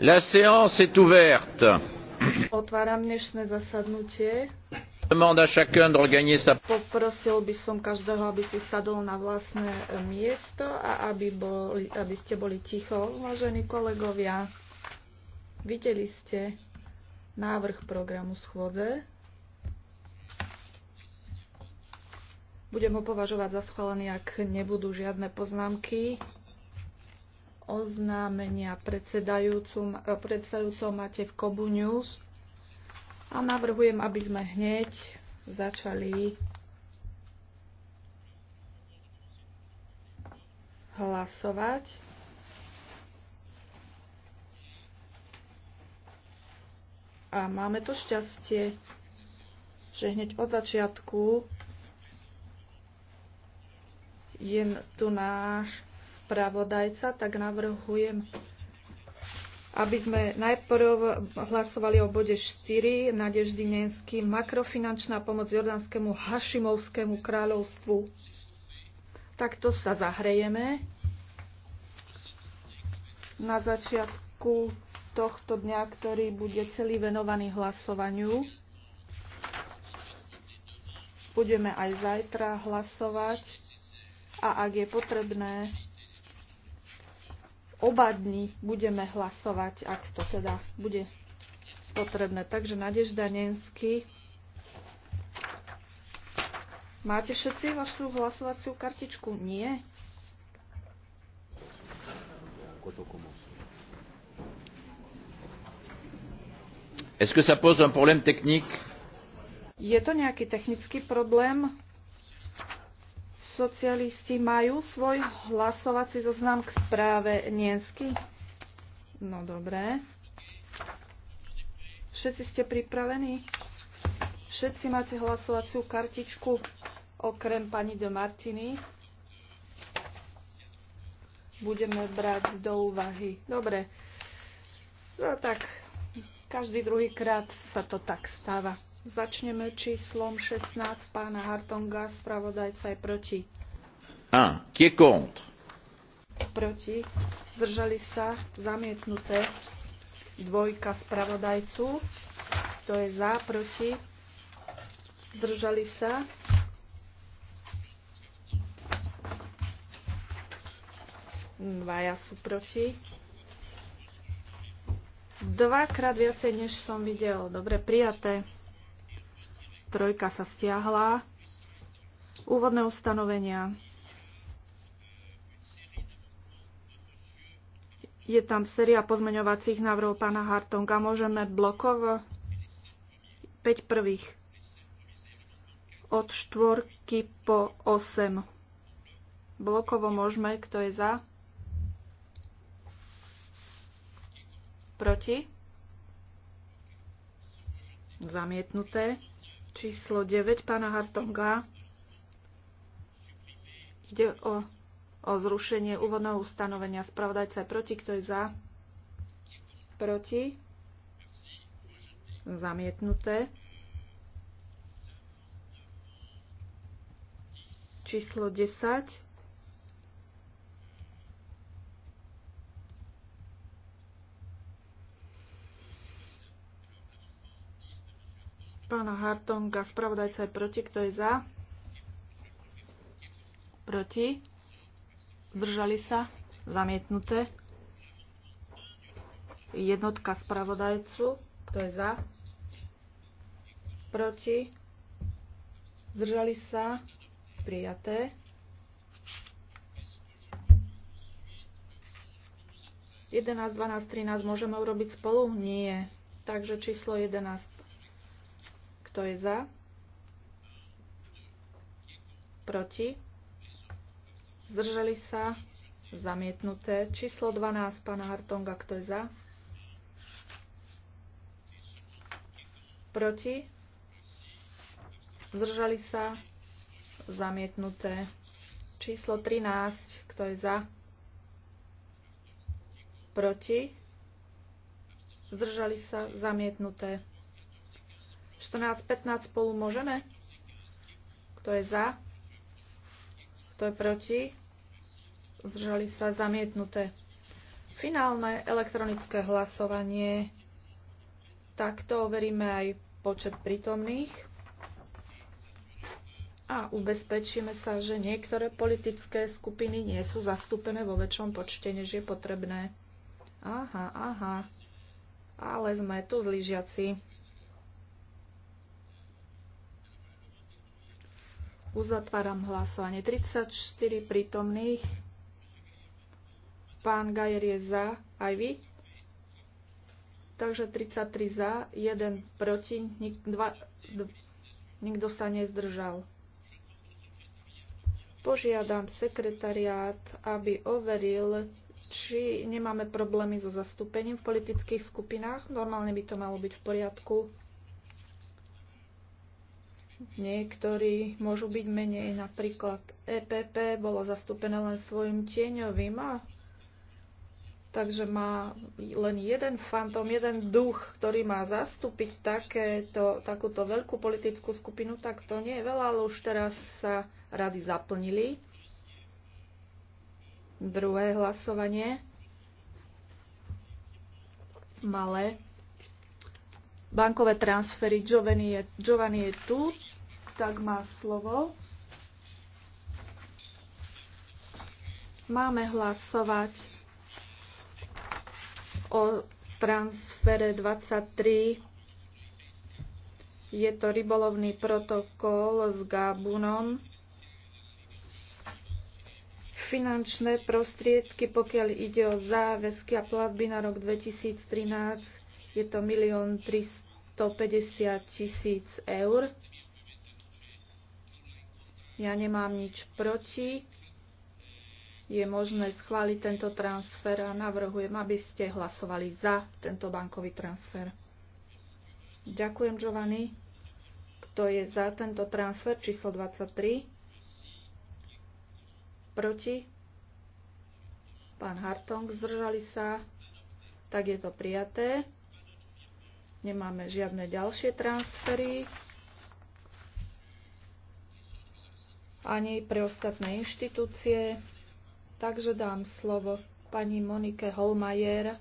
La séance est ouverte. Otváram dnešné zasadnutie. Demande à chacun de regagner sa... Poprosil by som každého, aby si sadol na vlastné e, miesto a aby, boli, aby ste boli ticho. Vážení kolegovia, videli ste návrh programu schôdze. Budem ho považovať za schválený, ak nebudú žiadne poznámky oznámenia predsedajúcom máte v Kobu News a navrhujem, aby sme hneď začali hlasovať. A máme to šťastie, že hneď od začiatku je tu náš spravodajca, tak navrhujem, aby sme najprv hlasovali o bode 4 Nadeždy Nenský, makrofinančná pomoc Jordánskému Hašimovskému kráľovstvu. Takto sa zahrejeme. Na začiatku tohto dňa, ktorý bude celý venovaný hlasovaniu. Budeme aj zajtra hlasovať a ak je potrebné, oba dní budeme hlasovať, ak to teda bude potrebné. Takže Nadežda Nensky. Máte všetci vašu hlasovaciu kartičku? Nie? Est-ce que ça pose un problème technique? Je to nejaký technický problém? Socialisti majú svoj hlasovací zoznam k správe Niensky? No dobré. Všetci ste pripravení? Všetci máte hlasovaciu kartičku okrem pani de Martiny. Budeme brať do úvahy. Dobre. No tak, každý druhý krát sa to tak stáva. Začneme číslom 16 pána Hartonga, spravodajca je proti. 1. Qui est contre? Proti. Zdržali sa. Zamietnuté. Dvojka spravodajcu. To je za? Proti. Zdržali sa. Dvaja sú proti. Dvakrát viacej, než som videl. Dobre, prijaté trojka sa stiahla. Úvodné ustanovenia. Je tam séria pozmeňovacích návrhov pána Hartonga. Môžeme blokov 5 prvých od štvorky po 8. Blokovo môžeme, kto je za? Proti? Zamietnuté číslo 9 pána Hartonga. Ide o, o zrušenie úvodného ustanovenia. Spravodajca je proti, kto je za? Proti? Zamietnuté. Číslo 10 pána Hartonga. Spravodajca je proti. Kto je za? Proti. Zdržali sa. Zamietnuté. Jednotka spravodajcu. Kto je za? Proti. Zdržali sa. Prijaté. Jedenáct, 12, 13 môžeme urobiť spolu? Nie. Takže číslo 11 kto je za? Proti? Zdržali sa? Zamietnuté. Číslo 12 pána Hartonga. Kto je za? Proti? Zdržali sa? Zamietnuté. Číslo 13. Kto je za? Proti? Zdržali sa? Zamietnuté. 14, 15 spolu môžeme? Kto je za? Kto je proti? Zdržali sa zamietnuté. Finálne elektronické hlasovanie. Takto overíme aj počet prítomných. A ubezpečíme sa, že niektoré politické skupiny nie sú zastúpené vo väčšom počte, než je potrebné. Aha, aha. Ale sme tu zlížiaci. Uzatváram hlasovanie. 34 prítomných. Pán Gajer je za, aj vy. Takže 33 za, 1 proti, nik, dva, d, nikto sa nezdržal. Požiadam sekretariát, aby overil, či nemáme problémy so zastúpením v politických skupinách. Normálne by to malo byť v poriadku. Niektorí môžu byť menej, napríklad EPP bolo zastúpené len svojim tieňovým a takže má len jeden fantom, jeden duch, ktorý má zastúpiť takéto, takúto veľkú politickú skupinu, tak to nie je veľa, ale už teraz sa rady zaplnili. Druhé hlasovanie. Malé bankové transfery. Giovanni je, Giovanni je tu, tak má slovo. Máme hlasovať o transfere 23. Je to rybolovný protokol s Gabunom. Finančné prostriedky, pokiaľ ide o záväzky a platby na rok 2013 je to 1 350 tisíc eur. Ja nemám nič proti. Je možné schváliť tento transfer a navrhujem, aby ste hlasovali za tento bankový transfer. Ďakujem, Giovanni. Kto je za tento transfer číslo 23? Proti? Pán Hartong, zdržali sa? Tak je to prijaté. Nemáme žiadne ďalšie transfery. Ani pre ostatné inštitúcie. Takže dám slovo pani Monike Holmajer,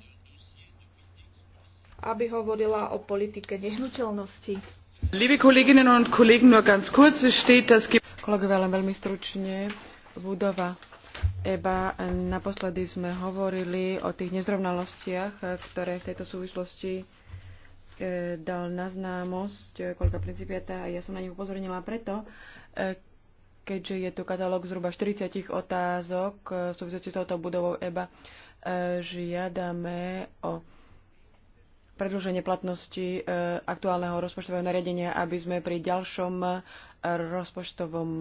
aby hovorila o politike nehnuteľnosti. Liebe Kolleginnen und Kollegen, nur ganz kurz, es steht, Kolegovia, len veľmi stručne, budova EBA, naposledy sme hovorili o tých nezrovnalostiach, ktoré v tejto súvislosti E, dal na známosť e, kolega Principiata a ja som na nich upozornila preto, e, keďže je tu katalóg zhruba 40 otázok v súvislosti s touto budovou EBA, žiadame o predĺženie platnosti aktuálneho rozpočtového nariadenia, aby sme pri ďalšom rozpočtovom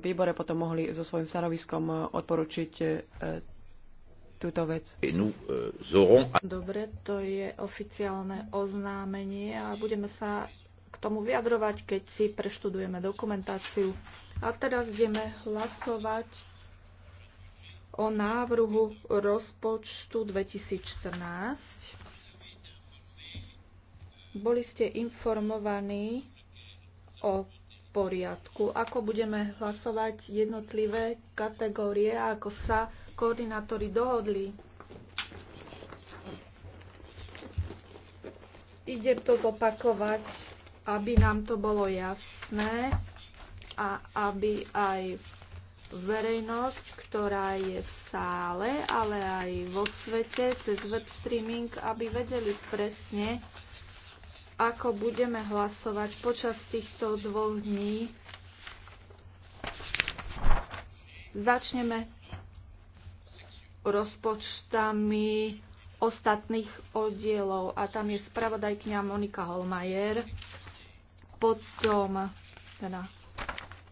výbore potom mohli so svojím stanoviskom odporučiť túto vec. Euh, Dobre, to je oficiálne oznámenie a budeme sa k tomu vyjadrovať, keď si preštudujeme dokumentáciu. A teraz ideme hlasovať o návrhu rozpočtu 2014. Boli ste informovaní o poriadku, ako budeme hlasovať jednotlivé kategórie, ako sa koordinátori dohodli. Idem to opakovať, aby nám to bolo jasné a aby aj verejnosť, ktorá je v sále, ale aj vo svete cez web streaming, aby vedeli presne, ako budeme hlasovať počas týchto dvoch dní. Začneme rozpočtami ostatných oddielov. A tam je spravodajkňa Monika Holmajer, potom, teda,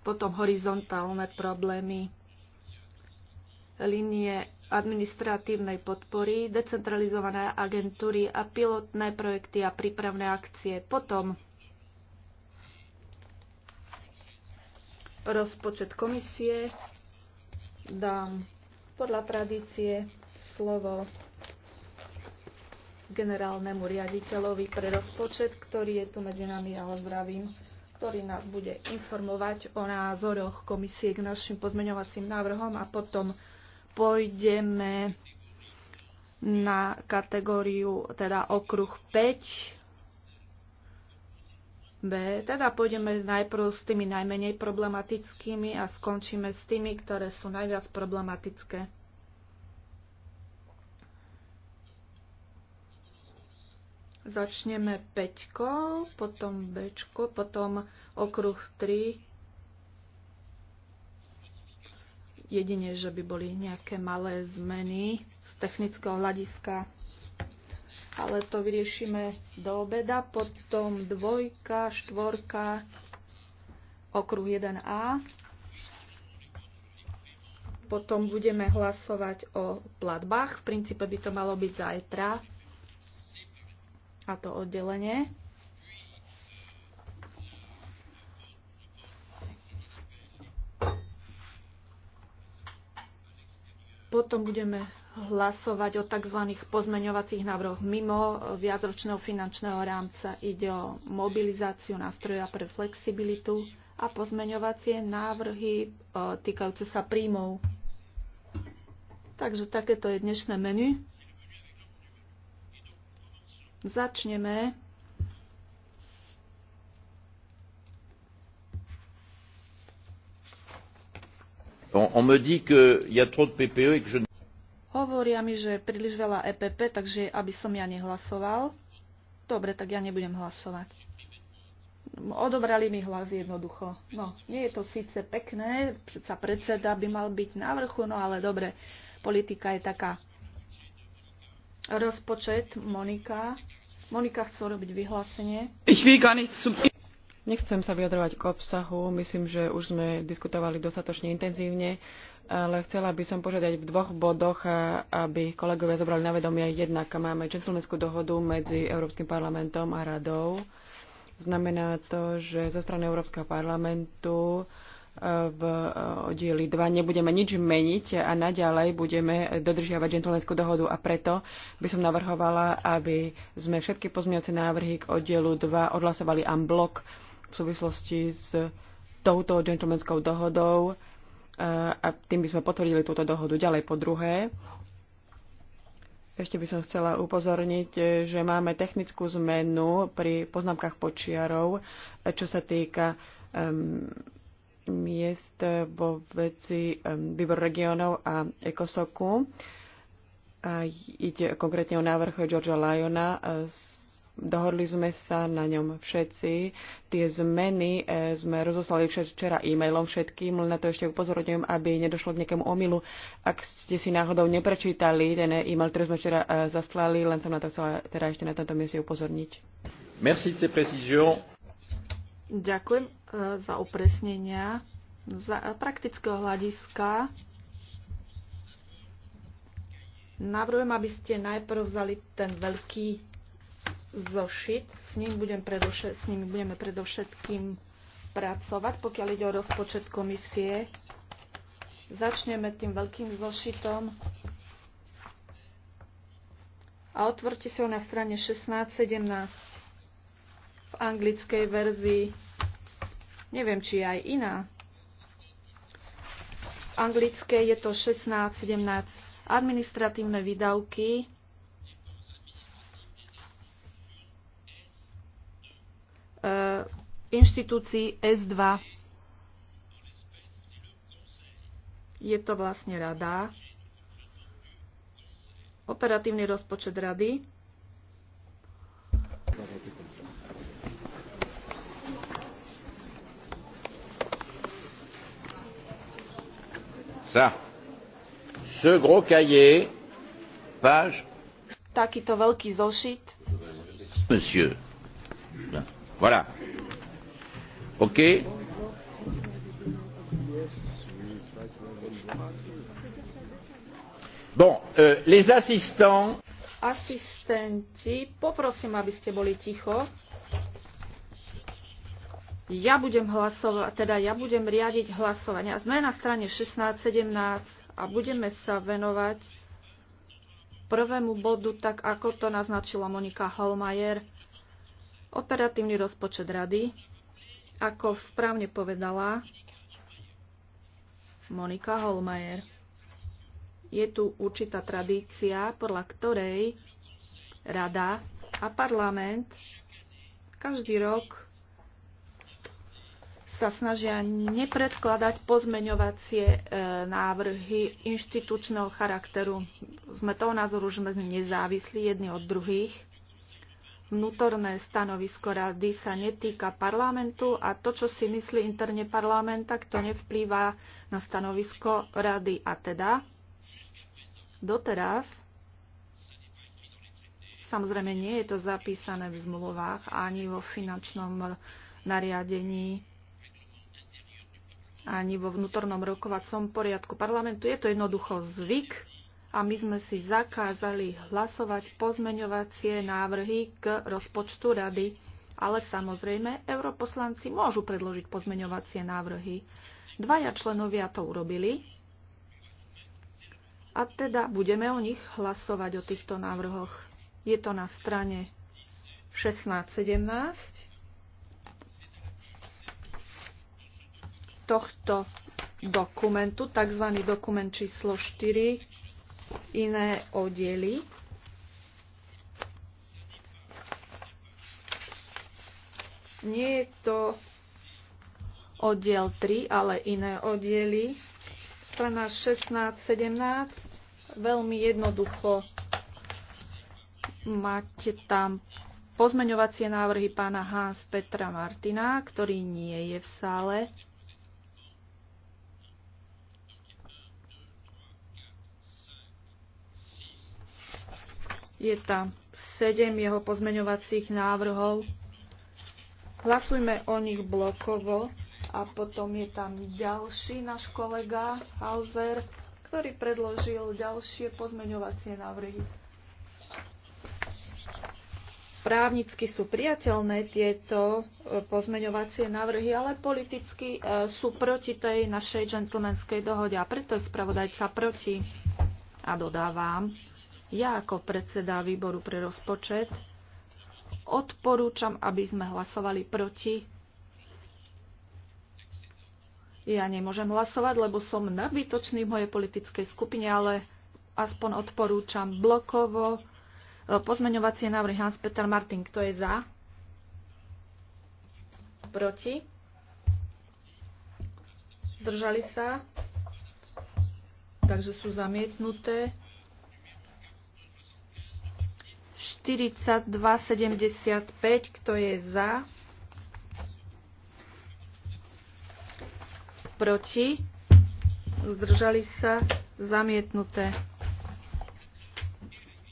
potom horizontálne problémy, linie administratívnej podpory, decentralizované agentúry a pilotné projekty a prípravné akcie. Potom rozpočet komisie dám podľa tradície slovo generálnemu riaditeľovi pre rozpočet, ktorý je tu medzi nami, ja ho zdravím, ktorý nás bude informovať o názoroch komisie k našim pozmeňovacím návrhom a potom pôjdeme na kategóriu, teda okruh 5, B. Teda pôjdeme najprv s tými najmenej problematickými a skončíme s tými, ktoré sú najviac problematické. Začneme 5, potom B, potom okruh 3. Jedine, že by boli nejaké malé zmeny z technického hľadiska ale to vyriešime do obeda. Potom dvojka, štvorka, okruh 1a. Potom budeme hlasovať o platbách. V princípe by to malo byť zajtra. A to oddelenie. Potom budeme hlasovať o tzv. pozmeňovacích návrhoch mimo viacročného finančného rámca. Ide o mobilizáciu nástroja pre flexibilitu a pozmeňovacie návrhy e, týkajúce sa príjmov. Takže takéto je dnešné menu. Začneme On, me dit qu'il y a trop de PPE et que je Hovoria mi, že je príliš veľa EPP, takže aby som ja nehlasoval. Dobre, tak ja nebudem hlasovať. Odobrali mi hlas jednoducho. No, nie je to síce pekné, predsa predseda by mal byť na vrchu, no ale dobre, politika je taká. Rozpočet Monika. Monika chce robiť vyhlásenie. Ich Nechcem sa vyjadrovať k obsahu. Myslím, že už sme diskutovali dostatočne intenzívne ale chcela by som požiadať v dvoch bodoch, eh, aby kolegovia zobrali na vedomie. Jednak máme džentlmenskú dohodu medzi Európskym parlamentom a radou. Znamená to, že zo strany Európskeho parlamentu eh, v eh, oddieli 2 nebudeme nič meniť a naďalej budeme dodržiavať gentlemanskú dohodu a preto by som navrhovala, aby sme všetky pozmiace návrhy k oddielu 2 odhlasovali en blok v súvislosti s touto gentlemanskou dohodou a tým by sme potvrdili túto dohodu. Ďalej po druhé, ešte by som chcela upozorniť, že máme technickú zmenu pri poznámkach počiarov, čo sa týka um, miest vo veci um, výbor regionov a ekosoku. A ide konkrétne o návrh Georgia Lyona z Dohodli sme sa na ňom všetci. Tie zmeny e, sme rozoslali včera e-mailom všetkým, len na to ešte upozorňujem, aby nedošlo k nejakému omilu. Ak ste si náhodou neprečítali ten e-mail, ktorý sme včera e, zaslali, len som na to chcela teda ešte na tomto mieste upozorniť. Merci de Ďakujem e, za upresnenia. Za praktického hľadiska Navrhujem, aby ste najprv vzali ten veľký zošit. S, ním budem predovšet, s nimi budeme predovšetkým pracovať, pokiaľ ide o rozpočet komisie. Začneme tým veľkým zošitom a otvorte si ho na strane 16-17 v anglickej verzii. Neviem, či je aj iná. V anglickej je to 16-17 administratívne výdavky inštitúcií S2. Je to vlastne rada, operatívny rozpočet rady. Ça. Ce gros cahier, page. Takýto veľký zošit. Monsieur. Voilà. Bon, euh, les assistants. Asistenti, poprosím, aby ste boli ticho. Ja budem hlasovať, teda ja budem riadiť hlasovania. Sme na strane 16-17 a budeme sa venovať prvému bodu, tak ako to naznačila Monika Holmajer, operatívny rozpočet rady. Ako správne povedala Monika Holmajer, je tu určitá tradícia, podľa ktorej Rada a parlament každý rok sa snažia nepredkladať pozmeňovacie e, návrhy inštitučného charakteru. Sme toho názoru, že sme nezávislí jedni od druhých vnútorné stanovisko rady sa netýka parlamentu a to, čo si myslí interne parlament, tak to nevplýva na stanovisko rady. A teda doteraz, samozrejme nie je to zapísané v zmluvách ani vo finančnom nariadení, ani vo vnútornom rokovacom poriadku parlamentu. Je to jednoducho zvyk a my sme si zakázali hlasovať pozmeňovacie návrhy k rozpočtu rady. Ale samozrejme, europoslanci môžu predložiť pozmeňovacie návrhy. Dvaja členovia to urobili a teda budeme o nich hlasovať, o týchto návrhoch. Je to na strane 16-17 tohto dokumentu, tzv. dokument číslo 4, iné oddiely. Nie je to oddiel 3, ale iné oddiely. Strana 16, 17, veľmi jednoducho máte tam pozmeňovacie návrhy pána Hans Petra Martina, ktorý nie je v sále. Je tam 7 jeho pozmeňovacích návrhov. Hlasujme o nich blokovo a potom je tam ďalší náš kolega Hauser, ktorý predložil ďalšie pozmeňovacie návrhy. Právnicky sú priateľné tieto e, pozmeňovacie návrhy, ale politicky e, sú proti tej našej džentlmenskej dohode a preto je spravodajca proti. A dodávam, ja ako predseda výboru pre rozpočet odporúčam, aby sme hlasovali proti. Ja nemôžem hlasovať, lebo som nadbytočný v mojej politickej skupine, ale aspoň odporúčam blokovo e, pozmeňovacie návrhy Hans-Peter Martin. Kto je za? Proti? Držali sa? Takže sú zamietnuté. 42,75, kto je za, proti, zdržali sa, zamietnuté.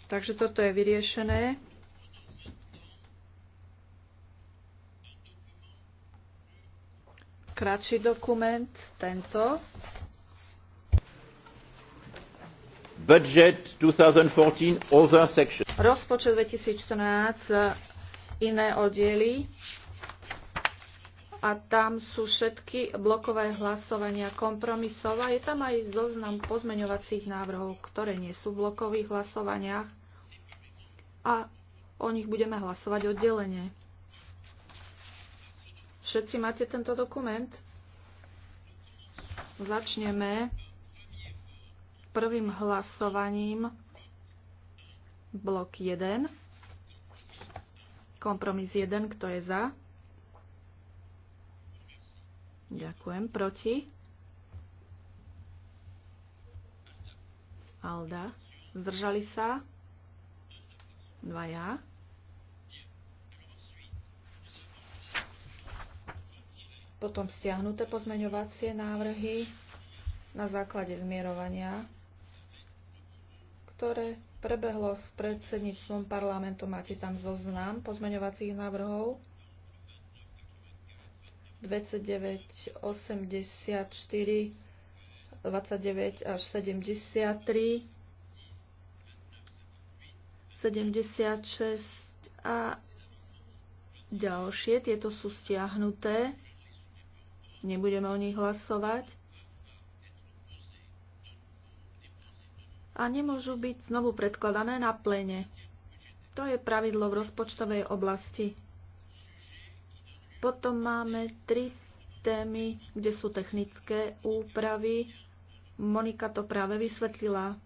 Takže toto je vyriešené. Kratší dokument, tento. Budget 2014, other section. Rozpočet 2014, iné oddiely. A tam sú všetky blokové hlasovania kompromisové. je tam aj zoznam pozmeňovacích návrhov, ktoré nie sú v blokových hlasovaniach. A o nich budeme hlasovať oddelenie. Všetci máte tento dokument? Začneme prvým hlasovaním blok 1, kompromis 1, kto je za. Ďakujem. Proti? Alda. Zdržali sa? Dvaja. Potom stiahnuté pozmeňovacie návrhy na základe zmierovania ktoré prebehlo s predsedníctvom parlamentu. Máte tam zoznam pozmeňovacích návrhov. 29, 84, 29 až 73, 76 a ďalšie. Tieto sú stiahnuté. Nebudeme o nich hlasovať. a nemôžu byť znovu predkladané na plene. To je pravidlo v rozpočtovej oblasti. Potom máme tri témy, kde sú technické úpravy. Monika to práve vysvetlila.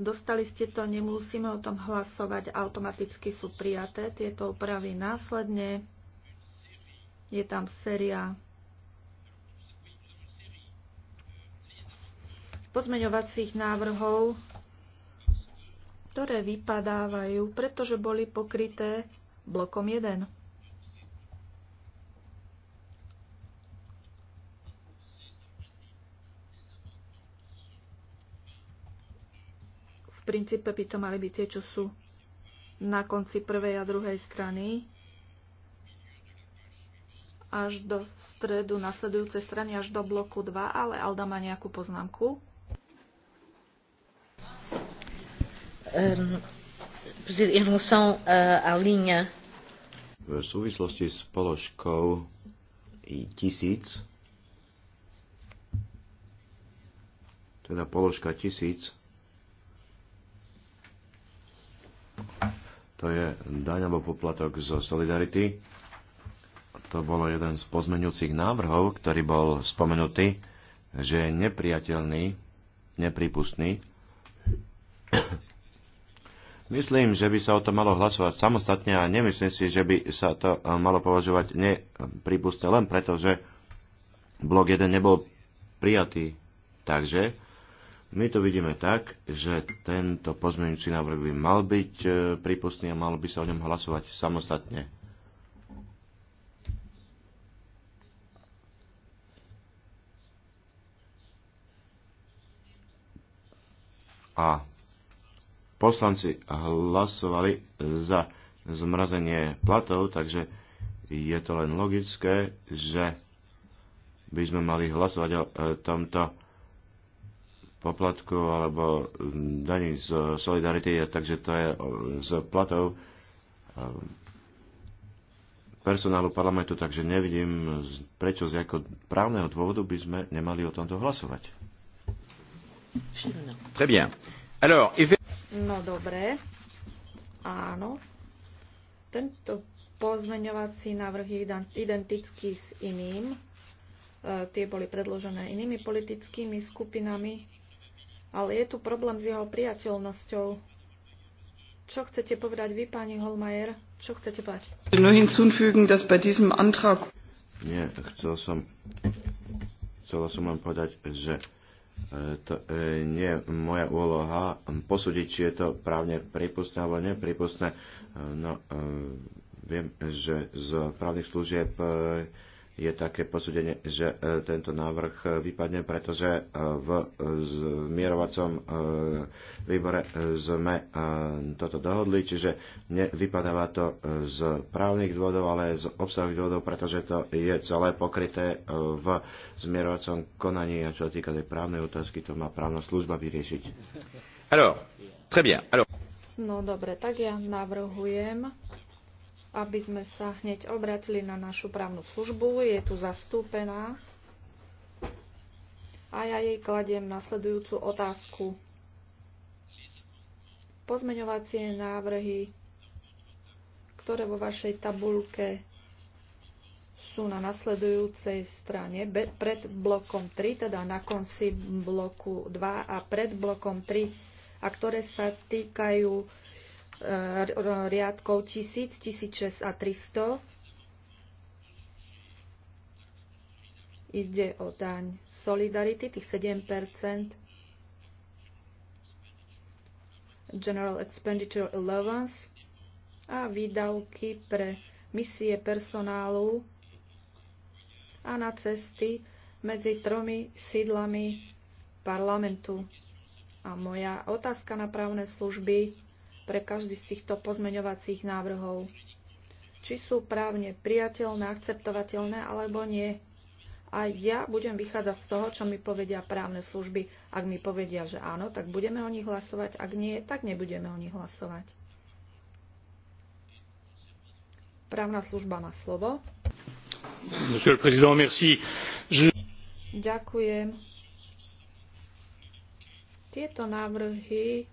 Dostali ste to, nemusíme o tom hlasovať, automaticky sú prijaté tieto úpravy následne. Je tam séria pozmeňovacích návrhov, ktoré vypadávajú, pretože boli pokryté blokom 1. V princípe by to mali byť tie, čo sú na konci prvej a druhej strany až do stredu nasledujúcej strany, až do bloku 2, ale Alda má nejakú poznámku. Ehm, eh, v súvislosti s položkou tisíc, teda položka tisíc, to je daň alebo poplatok zo Solidarity. To bolo jeden z pozmeňujúcich návrhov, ktorý bol spomenutý, že je nepriateľný, nepripustný Myslím, že by sa o to malo hlasovať samostatne a nemyslím si, že by sa to eh, malo považovať nepripustne len preto, že blok 1 nebol prijatý. Takže my to vidíme tak, že tento pozmeňujúci návrh by mal byť eh, prípustný a malo by sa o ňom hlasovať samostatne. A poslanci hlasovali za zmrazenie platov, takže je to len logické, že by sme mali hlasovať o e, tomto poplatku alebo daní z solidarity, takže to je z platov e, personálu parlamentu, takže nevidím, prečo z ako právneho dôvodu by sme nemali o tomto hlasovať. Très bien. Alors, No dobre, áno. Tento pozmeňovací návrh je identický s iným. E, tie boli predložené inými politickými skupinami, ale je tu problém s jeho priateľnosťou. Čo chcete povedať vy, pani Holmajer? Čo chcete povedať? Nie, chcel som, chcela som len povedať, že E, to e, nie je moja úloha posúdiť, či je to právne prípustné alebo nepripustné. E, no, viem, že z právnych služieb je také posúdenie, že e, tento návrh e, vypadne, pretože e, v mierovacom výbore sme toto dohodli, čiže nevypadáva to z právnych dôvodov, ale z obsahových dôvodov, pretože to je celé pokryté v zmierovacom konaní a čo týka tej právnej otázky, to má právna služba vyriešiť. Alors, très bien. Alors... No dobre, tak ja navrhujem, aby sme sa hneď obratili na našu právnu službu. Je tu zastúpená a ja jej kladiem nasledujúcu otázku. Pozmeňovacie návrhy, ktoré vo vašej tabulke sú na nasledujúcej strane pred blokom 3, teda na konci bloku 2 a pred blokom 3, a ktoré sa týkajú riadkov 1000, 1600 a 300. Ide o daň Solidarity, tých 7 General Expenditure Allowance a výdavky pre misie personálu a na cesty medzi tromi sídlami parlamentu. A moja otázka na právne služby pre každý z týchto pozmeňovacích návrhov. Či sú právne priateľné, akceptovateľné alebo nie. A ja budem vychádzať z toho, čo mi povedia právne služby. Ak mi povedia, že áno, tak budeme o nich hlasovať. Ak nie, tak nebudeme o nich hlasovať. Právna služba má slovo. Monsieur le Président, merci. Je... Ďakujem. Tieto návrhy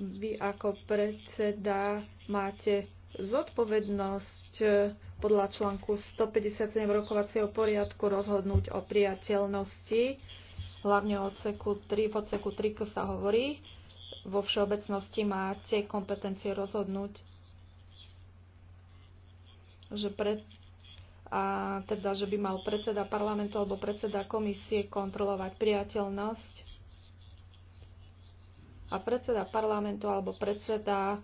vy ako predseda máte zodpovednosť eh, podľa článku 157 rokovacieho poriadku rozhodnúť o priateľnosti, hlavne o odseku 3, v odseku 3 sa hovorí. Vo všeobecnosti máte kompetencie rozhodnúť, že pre, a teda, že by mal predseda parlamentu alebo predseda komisie kontrolovať priateľnosť a predseda parlamentu alebo predseda e,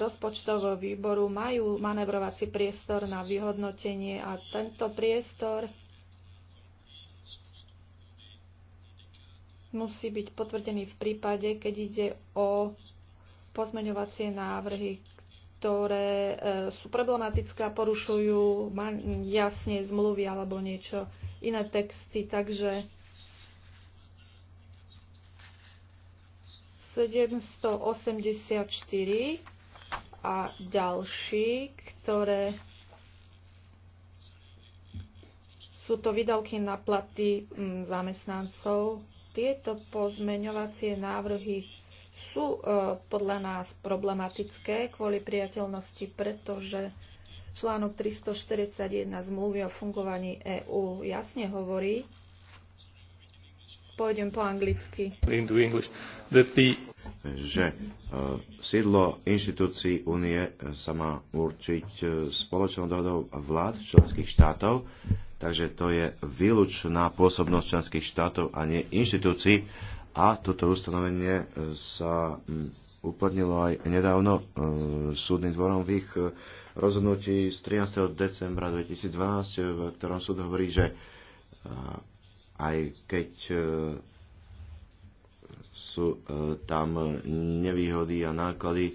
rozpočtového výboru majú manevrovací priestor na vyhodnotenie a tento priestor musí byť potvrdený v prípade, keď ide o pozmeňovacie návrhy, ktoré e, sú problematické a porušujú jasne zmluvy alebo niečo iné texty. Takže 784 a ďalší, ktoré sú to vydavky na platy mm, zamestnancov. Tieto pozmeňovacie návrhy sú e, podľa nás problematické kvôli priateľnosti, pretože článok 341 zmluvy o fungovaní EÚ jasne hovorí, pôjdem po anglicky. Že uh, sídlo inštitúcií únie sa má určiť e, spoločnou dohodou vlád členských štátov, takže to je výlučná pôsobnosť členských štátov a nie inštitúcií. A toto ustanovenie e, sa uplatnilo aj nedávno súdnym dvorom v ich rozhodnutí z 13. decembra 2012, v ktorom súd hovorí, že aj keď e, sú e, tam nevýhody a náklady e,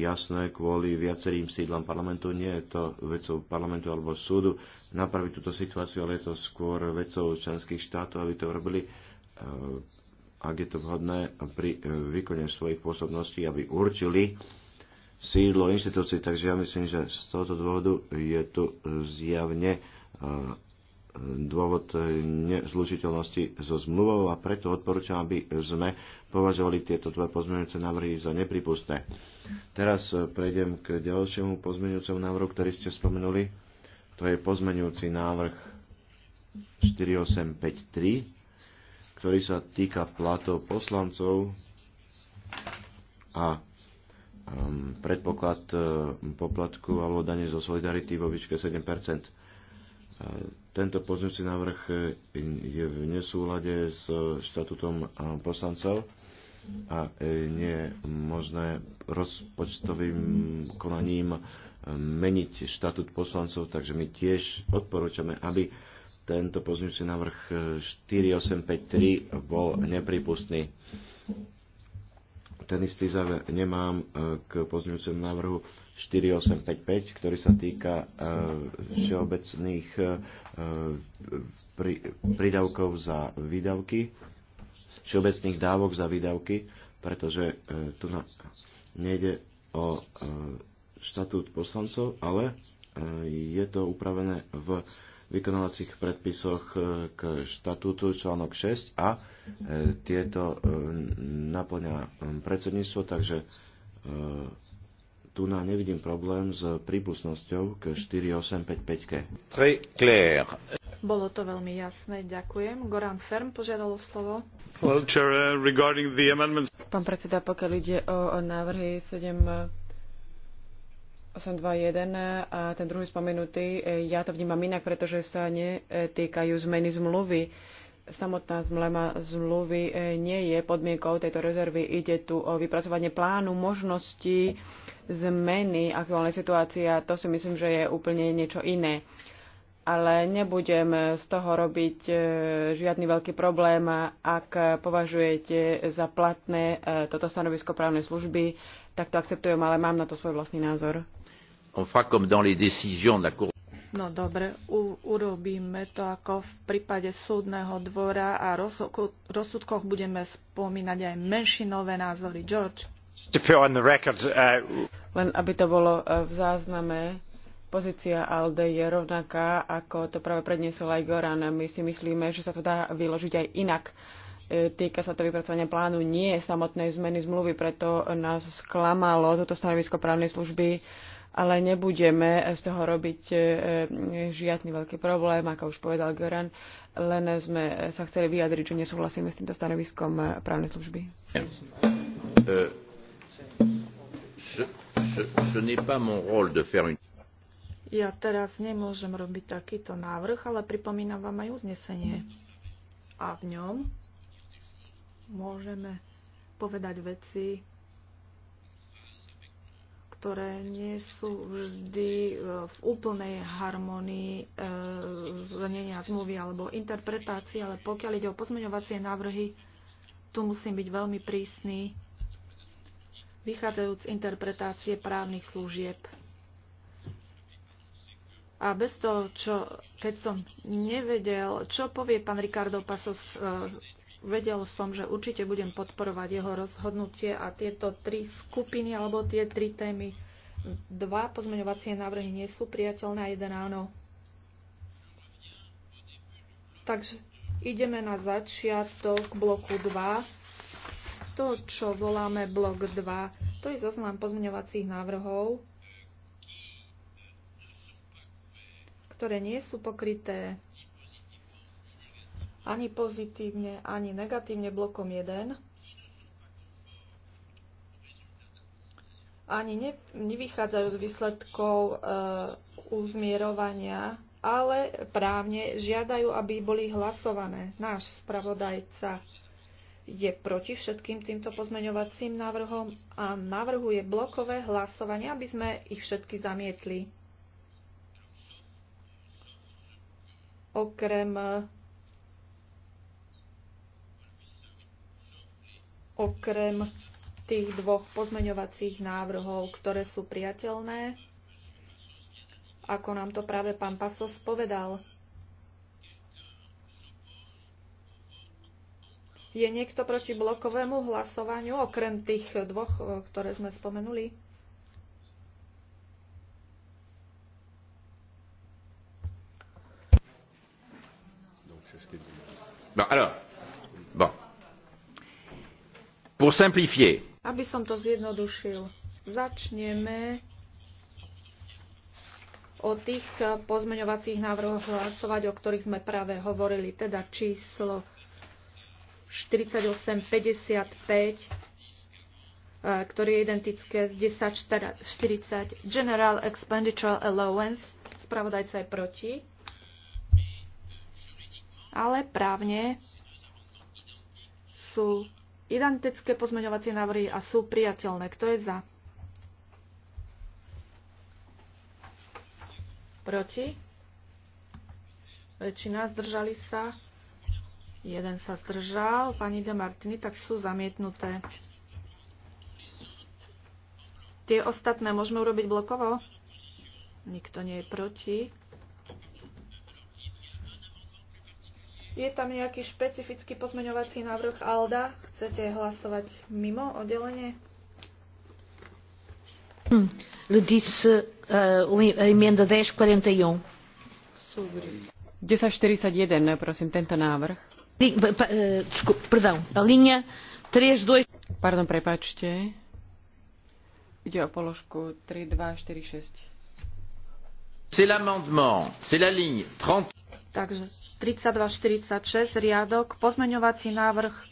jasné kvôli viacerým sídlám parlamentu. Nie je to vecou parlamentu alebo súdu napraviť túto situáciu, ale je to skôr vecou členských štátov, aby to robili ak je to vhodné, pri výkone svojich pôsobností, aby určili sídlo inštitúcií. Takže ja myslím, že z tohoto dôvodu je tu zjavne dôvod e, nezlučiteľnosti so zmluvou a preto odporúčam, aby sme považovali tieto dve pozmeňujúce návrhy za nepripustné. Teraz e, prejdem k ďalšiemu pozmeňujúcemu návrhu, ktorý ste spomenuli. To je pozmeňujúci návrh 4853, ktorý sa týka platov poslancov a um, predpoklad e, poplatku alebo dane zo solidarity vo výške 7 tento pozňujúci návrh e, je v nesúlade s štatutom poslancov a e, nie je možné rozpočtovým konaním e, meniť štatút poslancov, takže my tiež odporúčame, aby tento pozňujúci návrh 4853 bol nepripustný ten istý záver nemám e, k pozňujúcemu návrhu 4855, ktorý sa týka e, všeobecných e, prídavkov za výdavky, všeobecných dávok za výdavky, pretože tu nejde o štatút poslancov, ale je to upravené v vykonovacích predpisoch e, k štatútu článok 6 a e, tieto e, naplňa predsedníctvo, takže tu na nevidím problém s prípustnosťou k 4855. Bolo to veľmi jasné, ďakujem. Goran Ferm požiadalo slovo. Well, chair, uh, regarding the amendments... Pán predseda, pokiaľ ide o, o návrhy 7 821 a ten druhý spomenutý, e, ja to vnímam inak, pretože sa netýkajú zmeny zmluvy. Samotná zmluva zmluvy e, nie je podmienkou tejto rezervy. Ide tu o vypracovanie plánu možností zmeny aktuálnej situácie a to si myslím, že je úplne niečo iné ale nebudem z toho robiť e, žiadny veľký problém, ak považujete za platné toto stanovisko právnej služby, tak to akceptujem, ale mám na to svoj vlastný názor on fera comme dans les décisions de la Cour No dobre, u, urobíme to ako v prípade súdneho dvora a rozsudko, rozsudkoch budeme spomínať aj menšinové názory. George. Uh, Len aby to bolo uh, v zázname, pozícia ALDE je rovnaká, ako to práve predniesol aj Goran. My si myslíme, že sa to dá vyložiť aj inak. E, týka sa to vypracovania plánu, nie samotnej zmeny zmluvy, preto nás sklamalo toto stanovisko právnej služby ale nebudeme z toho robiť e, e, žiadny veľký problém, ako už povedal Goran, len sme sa chceli vyjadriť, že nesúhlasíme s týmto stanoviskom e, právnej služby. Ja teraz nemôžem robiť takýto návrh, ale pripomínam vám aj uznesenie. A v ňom môžeme povedať veci, ktoré nie sú vždy e, v úplnej harmonii e, znenia zmluvy alebo interpretácie, ale pokiaľ ide o pozmeňovacie návrhy, tu musím byť veľmi prísny, vychádzajúc z interpretácie právnych služieb. A bez toho, čo, keď som nevedel, čo povie pán Ricardo Pasos e, vedel som, že určite budem podporovať jeho rozhodnutie a tieto tri skupiny alebo tie tri témy, dva pozmeňovacie návrhy nie sú priateľné a jeden áno. Takže ideme na začiatok bloku 2. To, čo voláme blok 2, to je zoznam pozmeňovacích návrhov, ktoré nie sú pokryté ani pozitívne, ani negatívne blokom 1. Ani ne, nevychádzajú z výsledkov e, uzmierovania, ale právne žiadajú, aby boli hlasované. Náš spravodajca je proti všetkým týmto pozmeňovacím návrhom a navrhuje blokové hlasovanie, aby sme ich všetky zamietli. Okrem okrem tých dvoch pozmeňovacích návrhov, ktoré sú priateľné, ako nám to práve pán Pasos povedal. Je niekto proti blokovému hlasovaniu, okrem tých dvoch, eh, ktoré sme spomenuli? No, alors, Pour simplifier. Aby som to zjednodušil, začneme o tých eh, pozmeňovacích návrhoch hlasovať, o ktorých sme práve hovorili, teda číslo 4855, eh, ktorý je identické z 1040 General Expenditure Allowance. Spravodajca je proti. Ale právne sú identické pozmeňovacie návrhy a sú priateľné. Kto je za? Proti? Väčšina zdržali sa. Jeden sa zdržal, pani De Martini, tak sú zamietnuté. Tie ostatné môžeme urobiť blokovo? Nikto nie je proti. Je tam nejaký špecifický pozmeňovací návrh ALDA? Chcete hlasovať mimo oddelenie? Hm. Le disse uh, emenda 1041. prosím, tento návrh. Euh, pardon, prepáčte. Ide o položku 3, 2, 4, 6. C'est l'amendement, c'est la ligne 30. Takže 32, 46 riadok, pozmeňovací návrh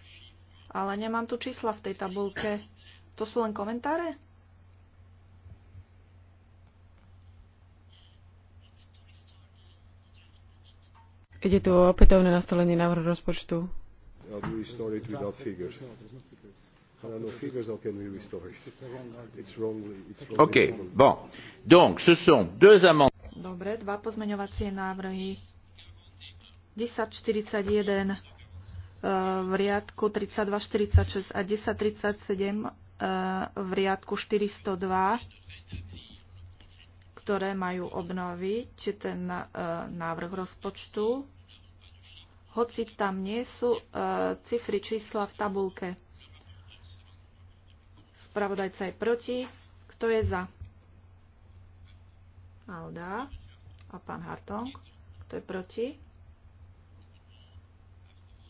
ale nemám tu čísla v tej tabulke. To sú len komentáre? Ide tu o opätovné nastolenie návrhu rozpočtu. No, no, OK, bon. Donc, ce sont deux amendements. Dobre, dva pozmeňovacie návrhy. 1041 v riadku 3246 a 1037 eh, v riadku 402, ktoré majú obnoviť ten eh, návrh rozpočtu, hoci tam nie sú eh, cifry čísla v tabulke. Spravodajca je proti. Kto je za? Alda a pán Hartong. Kto je proti?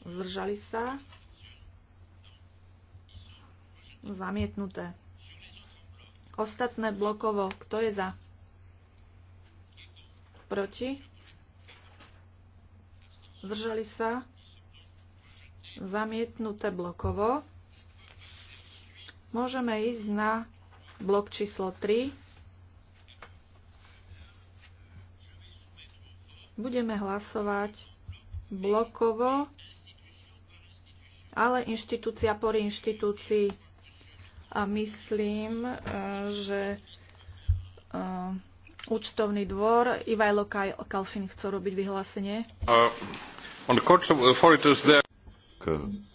Zdržali sa? Zamietnuté. Ostatné blokovo. Kto je za? Proti? Zdržali sa? Zamietnuté blokovo. Môžeme ísť na blok číslo 3. Budeme hlasovať blokovo ale inštitúcia por inštitúcii. A myslím, e, že e, účtovný dvor, Ivajlo Kalfin chcú robiť vyhlásenie. Uh, K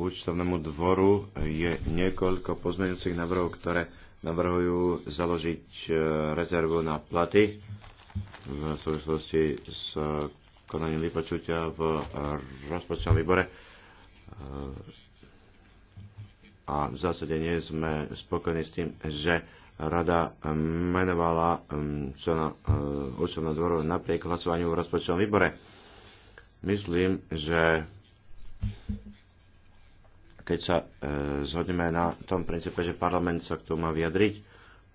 účtovnému dvoru je niekoľko pozmeňujúcich návrhov, ktoré navrhujú založiť e, rezervu na platy v súvislosti s konaním vypočutia v rozpočtovom výbore a v zásade nie sme spokojní s tým, že rada menovala um, člena účelného uh, dvoru napriek hlasovaniu v rozpočtovom výbore. Myslím, že keď sa uh, zhodneme na tom princípe, že parlament sa k tomu má vyjadriť,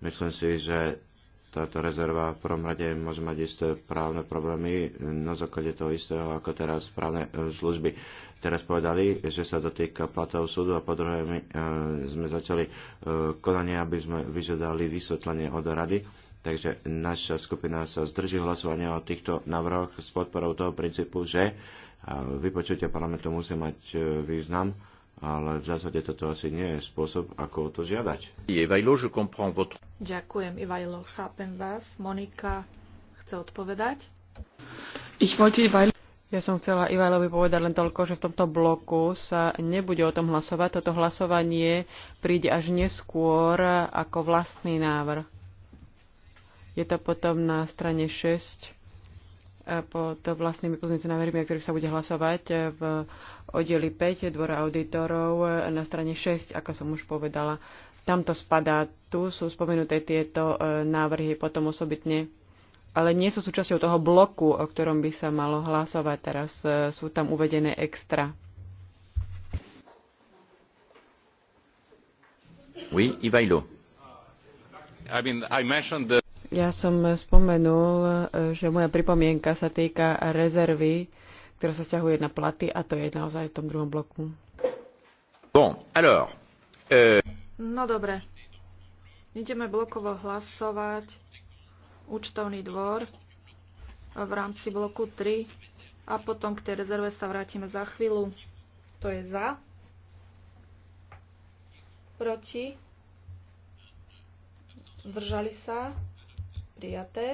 myslím si, že táto rezerva v prvom rade môže mať isté právne problémy na základe toho istého, ako teraz právne e, služby teraz povedali, že sa dotýka platov súdu a po druhé my e, sme začali e, konanie, aby sme vyžadali vysvetlenie od rady. Takže naša skupina sa zdrží hlasovania o týchto návrhoch s podporou toho princípu, že vypočutie parlamentu musí mať e, význam ale v zásade toto asi nie je spôsob, ako o to žiadať. Ďakujem, Ivajlo, chápem vás. Monika chce odpovedať. Ich Ivajlo... Ja som chcela Ivajlovi povedať len toľko, že v tomto bloku sa nebude o tom hlasovať. Toto hlasovanie príde až neskôr ako vlastný návrh. Je to potom na strane 6 pod vlastnými pozmeňujúcimi návrhmi, o ktorých sa bude hlasovať v oddeli 5 Dvora auditorov na strane 6, ako som už povedala. Tamto spadá, tu sú spomenuté tieto e, návrhy potom osobitne, ale nie sú súčasťou toho bloku, o ktorom by sa malo hlasovať teraz. E, sú tam uvedené extra. Oui, Ivailo. I mean, I mentioned the ja som spomenul, že moja pripomienka sa týka rezervy, ktorá sa stiahuje na platy a to je naozaj v tom druhom bloku. Bon, alors, euh... No dobre. Ideme blokovo hlasovať účtovný dvor v rámci bloku 3 a potom k tej rezerve sa vrátime za chvíľu. To je za. Proti. Zdržali sa prijaté.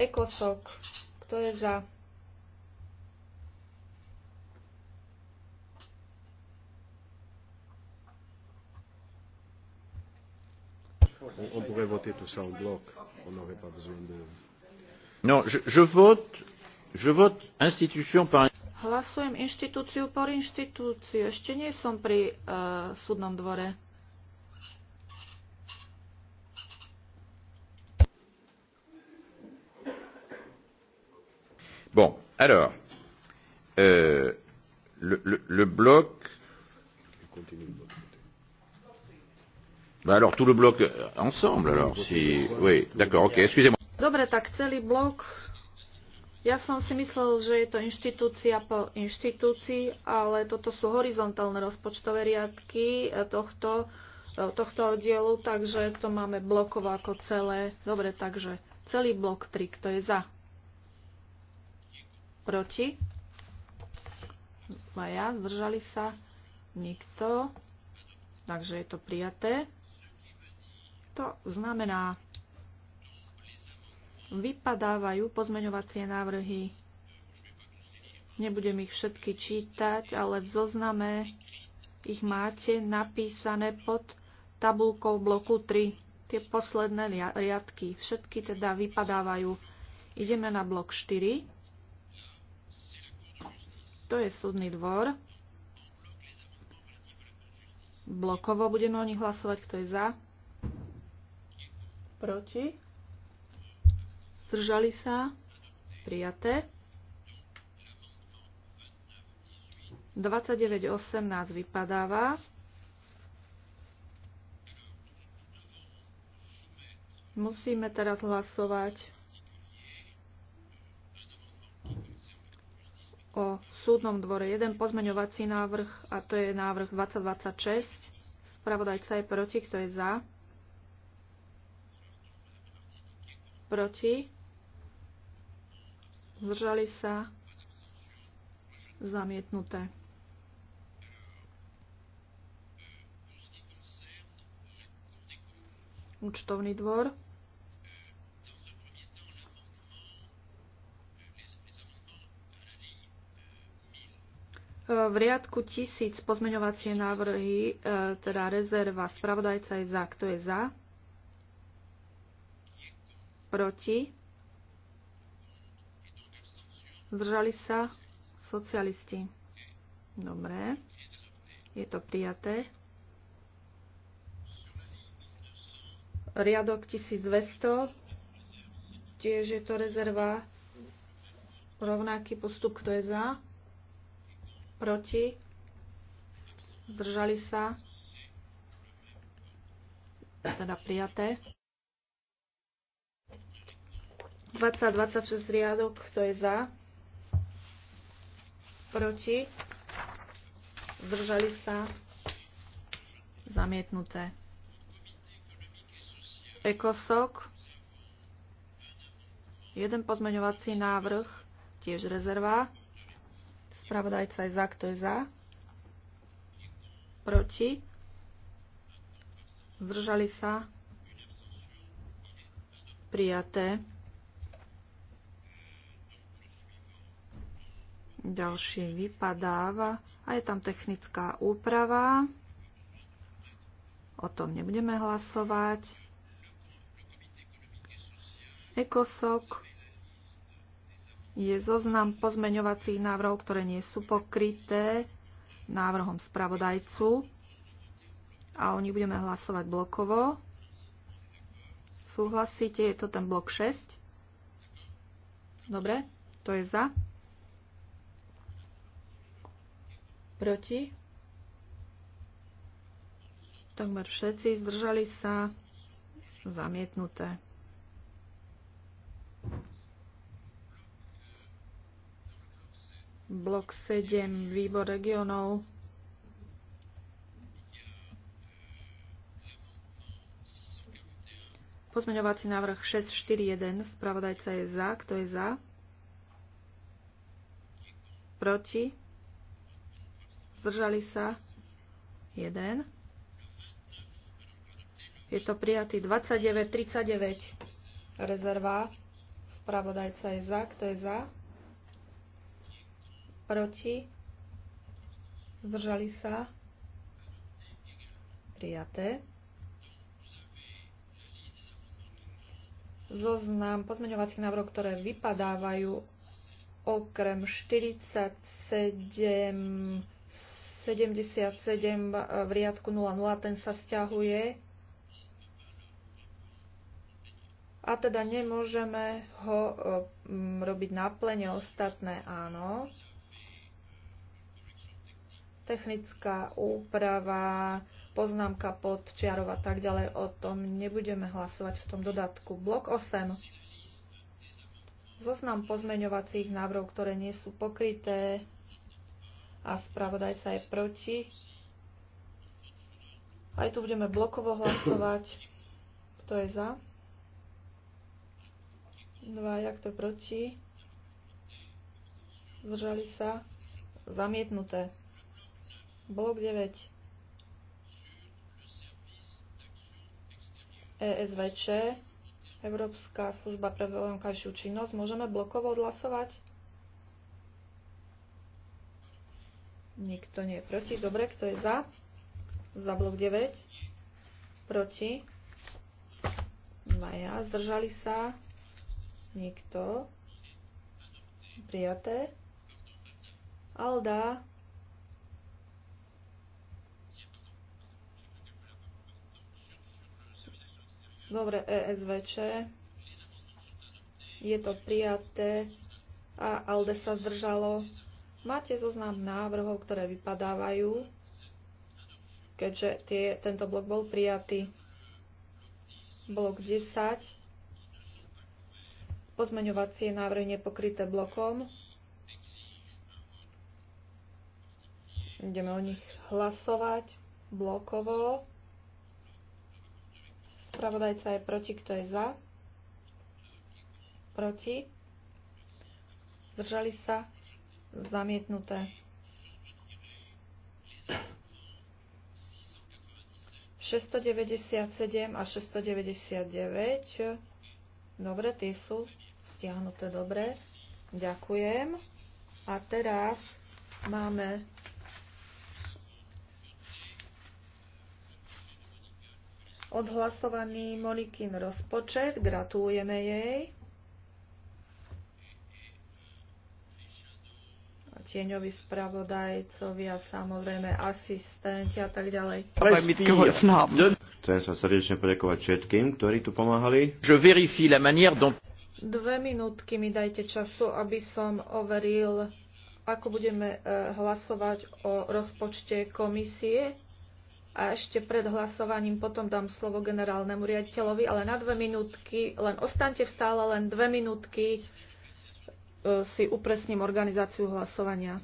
Ekosok, kto je za? On, pourrait voter tout ça en bloc. On n'aurait pas besoin de. Non, je, je vote. Je vote institution par. Hlasujem inštitúciu por inštitúciu. Ešte nie som pri uh, súdnom dvore. Bon, alors, euh, le, le, le bloc. Bah alors tout le bloc euh, ensemble alors si oui d'accord OK excusez-moi Dobre tak celý blok ja som si myslel, že je to inštitúcia po inštitúcii, ale toto sú horizontálne rozpočtové riadky eh, tohto, eh, tohto oddielu, takže to máme blokovo ako celé. Dobre, takže celý blok 3, kto je za? proti, Maja, zdržali sa, nikto, takže je to prijaté. To znamená, vypadávajú pozmeňovacie návrhy. Nebudem ich všetky čítať, ale v zozname ich máte napísané pod tabulkou bloku 3. Tie posledné riadky. Všetky teda vypadávajú. Ideme na blok 4 to je súdny dvor. Blokovo budeme o nich hlasovať, kto je za. Proti. Zdržali sa. Prijaté. 29.18 vypadáva. Musíme teraz hlasovať o súdnom dvore jeden pozmeňovací návrh a to je návrh 2026. Spravodajca je proti, kto je za? Proti? Zdržali sa? Zamietnuté. Účtovný dvor. V riadku tisíc pozmeňovacie návrhy, e, teda rezerva spravodajca je za. Kto je za? Proti? Zdržali sa socialisti. Dobre. Je to prijaté. Riadok 1200. Tiež je to rezerva. Rovnaký postup, kto je za? proti, zdržali sa, teda prijaté. 20-26 riadok, kto je za, proti, zdržali sa, zamietnuté. Ekosok, jeden pozmeňovací návrh, tiež rezerva, Spravodajca je za, kto je za? Proti? Zdržali sa? Prijaté. Ďalšie vypadáva a je tam technická úprava. O tom nebudeme hlasovať. Ekosok je zoznam pozmeňovacích návrhov, ktoré nie sú pokryté návrhom spravodajcu a o nich budeme hlasovať blokovo. Súhlasíte? Je to ten blok 6. Dobre, to je za. Proti. Takmer všetci zdržali sa zamietnuté. blok 7, výbor regionov. Pozmeňovací návrh 641, spravodajca je za, kto je za? Proti? Zdržali sa? 1. Je to prijatý 29, 39. Rezerva. Spravodajca je za, kto je za? proti, zdržali sa, prijaté. Zoznam pozmeňovacích návrhov, ktoré vypadávajú okrem 47, 77 v riadku 00, ten sa stiahuje. A teda nemôžeme ho eh, robiť na plene ostatné, áno technická úprava, poznámka pod čiarov a tak ďalej. O tom nebudeme hlasovať v tom dodatku. Blok 8. Zoznam pozmeňovacích návrhov, ktoré nie sú pokryté a spravodajca je proti. Aj tu budeme blokovo hlasovať. Kto je za? Dva, jak to proti? Zdržali sa? Zamietnuté. Blok 9. ESVČ, Európska služba pre vonkajšiu činnosť. Môžeme blokovo odhlasovať? Nikto nie je proti. Dobre, kto je za? Za blok 9. Proti. Maja, Zdržali sa? Nikto. Prijaté. Alda. Dobre, ESVČ. Je to prijaté a ALDE sa zdržalo. Máte zoznam návrhov, ktoré vypadávajú, keďže tie, tento blok bol prijatý. Blok 10. Pozmeňovacie návrhy nepokryté blokom. Ideme o nich hlasovať blokovo. Spravodajca je proti, kto je za? Proti? Zdržali sa? Zamietnuté. 697 a 699. Dobre, tie sú stiahnuté dobre. Ďakujem. A teraz máme odhlasovaný Monikin rozpočet. Gratulujeme jej. spravodajcovi a samozrejme asistenti a tak ďalej. Chcem sa srdečne poďakovať všetkým, ktorí tu pomáhali. Je vérifie la manière dont... Dve minútky mi dajte času, aby som overil, ako budeme eh, hlasovať o rozpočte komisie a ešte pred hlasovaním potom dám slovo generálnemu riaditeľovi, ale na dve minútky, len ostante v stále, len dve minútky e, si upresním organizáciu hlasovania.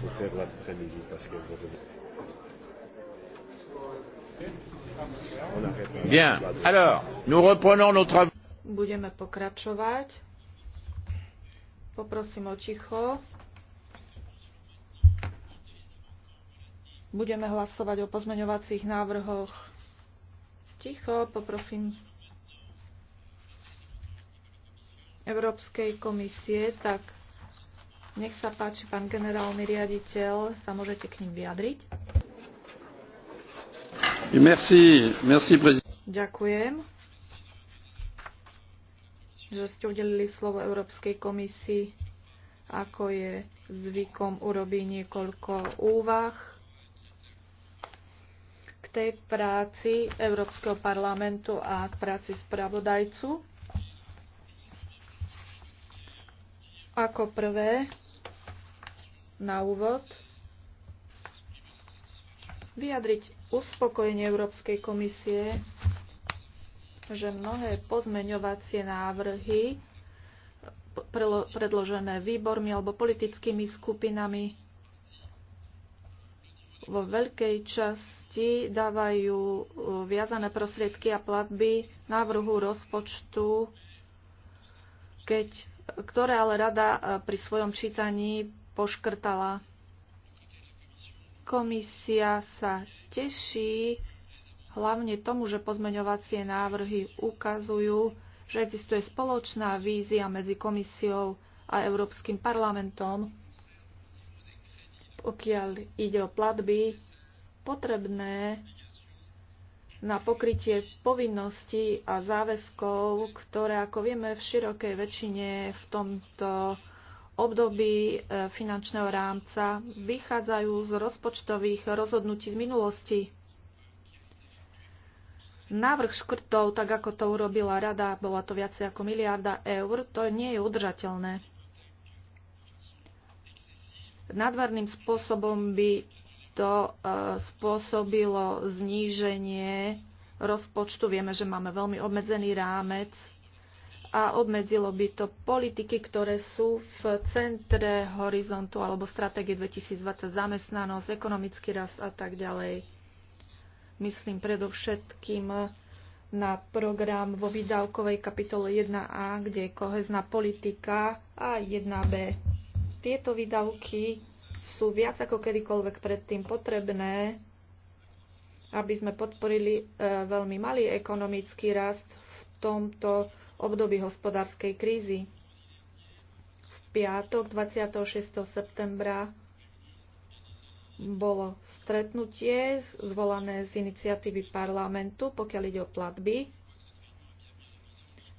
faut faire l'après-midi parce qu'elle va devenir. Bien. Alors, nous reprenons nos travaux. Budeme pokračovať. Poprosím o ticho. Budeme hlasovať o pozmeňovacích návrhoch. Ticho, poprosím Európskej komisie, tak nech sa páči, pán generálny riaditeľ, sa môžete k ním vyjadriť. Merci, merci, Ďakujem, že ste udelili slovo Európskej komisii, ako je zvykom urobiť niekoľko úvah k tej práci Európskeho parlamentu a k práci spravodajcu. Ako prvé na úvod vyjadriť uspokojenie Európskej komisie, že mnohé pozmeňovacie návrhy predložené výbormi alebo politickými skupinami vo veľkej časti dávajú uh, viazané prostriedky a platby návrhu rozpočtu, keď, ktoré ale rada uh, pri svojom čítaní poškrtala. Komisia sa teší hlavne tomu, že pozmeňovacie návrhy ukazujú, že existuje spoločná vízia medzi komisiou a Európskym parlamentom. Pokiaľ ide o platby, potrebné na pokrytie povinností a záväzkov, ktoré, ako vieme, v širokej väčšine v tomto období e, finančného rámca vychádzajú z rozpočtových rozhodnutí z minulosti. Návrh škrtov, tak ako to urobila rada, bola to viac ako miliarda eur, to nie je udržateľné. Nadvarným spôsobom by to e, spôsobilo zníženie rozpočtu. Vieme, že máme veľmi obmedzený rámec a obmedzilo by to politiky, ktoré sú v centre horizontu alebo stratégie 2020, zamestnanosť, ekonomický rast a tak ďalej. Myslím predovšetkým na program vo výdavkovej kapitole 1a, kde je kohezná politika a 1b. Tieto výdavky sú viac ako kedykoľvek predtým potrebné, aby sme podporili e, veľmi malý ekonomický rast v tomto období hospodárskej krízy. V piatok 26. septembra bolo stretnutie zvolané z iniciatívy parlamentu, pokiaľ ide o platby.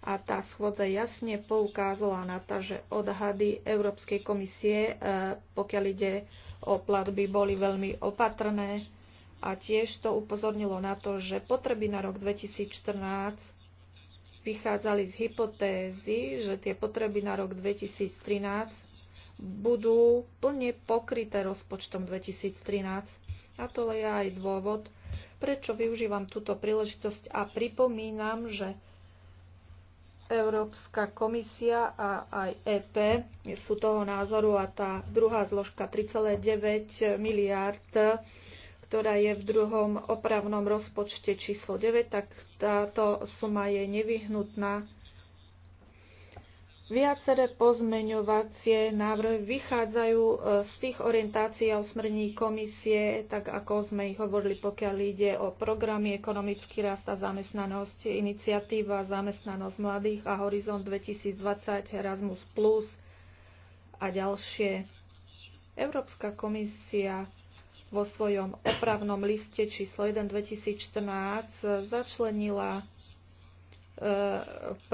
A tá schôdza jasne poukázala na to, že odhady Európskej komisie, e, pokiaľ ide o platby, boli veľmi opatrné. A tiež to upozornilo na to, že potreby na rok 2014 vychádzali z hypotézy, že tie potreby na rok 2013 budú plne pokryté rozpočtom 2013. A to je aj dôvod, prečo využívam túto príležitosť a pripomínam, že Európska komisia a aj EP sú toho názoru a tá druhá zložka 3,9 miliard ktorá je v druhom opravnom rozpočte číslo 9, tak táto suma je nevyhnutná. Viaceré pozmeňovacie návrhy vychádzajú e, z tých orientácií a osmrní komisie, tak ako sme ich hovorili, pokiaľ ide o programy ekonomický rast a zamestnanosť, iniciatíva zamestnanosť mladých a Horizont 2020, Erasmus Plus a ďalšie. Európska komisia vo svojom opravnom liste číslo 1 2014 začlenila e,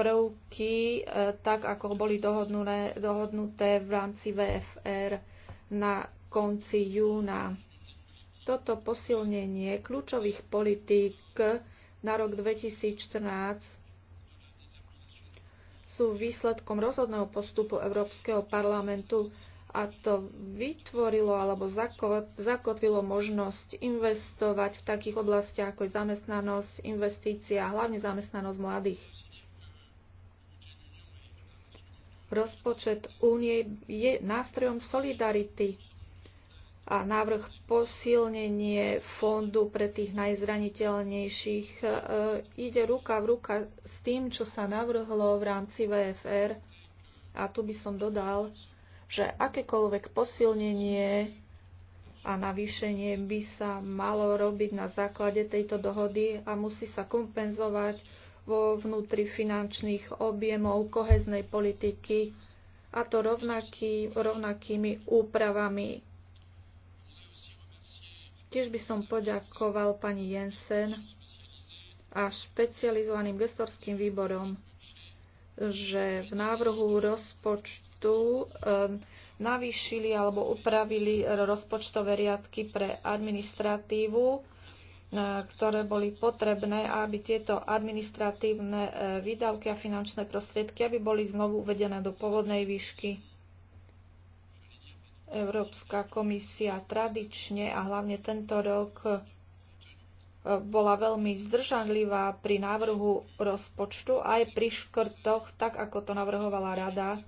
prvky, e, tak ako boli dohodnuté, dohodnuté v rámci VFR na konci júna. Toto posilnenie kľúčových politík na rok 2014 sú výsledkom rozhodného postupu Európskeho parlamentu a to vytvorilo alebo zakotvilo možnosť investovať v takých oblastiach ako je zamestnanosť, investícia, a hlavne zamestnanosť mladých. Rozpočet únie je nástrojom solidarity a návrh posilnenie fondu pre tých najzraniteľnejších e, ide ruka v ruka s tým, čo sa navrhlo v rámci VFR. A tu by som dodal, že akékoľvek posilnenie a navýšenie by sa malo robiť na základe tejto dohody a musí sa kompenzovať vo vnútri finančných objemov koheznej politiky a to rovnaký, rovnakými úpravami. Tiež by som poďakoval pani Jensen a špecializovaným gestorským výborom, že v návrhu rozpočtu rozpočtu um, navýšili alebo upravili rozpočtové riadky pre administratívu, uh, ktoré boli potrebné, aby tieto administratívne uh, výdavky a finančné prostriedky aby boli znovu uvedené do pôvodnej výšky. Európska komisia tradične a hlavne tento rok uh, bola veľmi zdržanlivá pri návrhu rozpočtu aj pri škrtoch, tak ako to navrhovala rada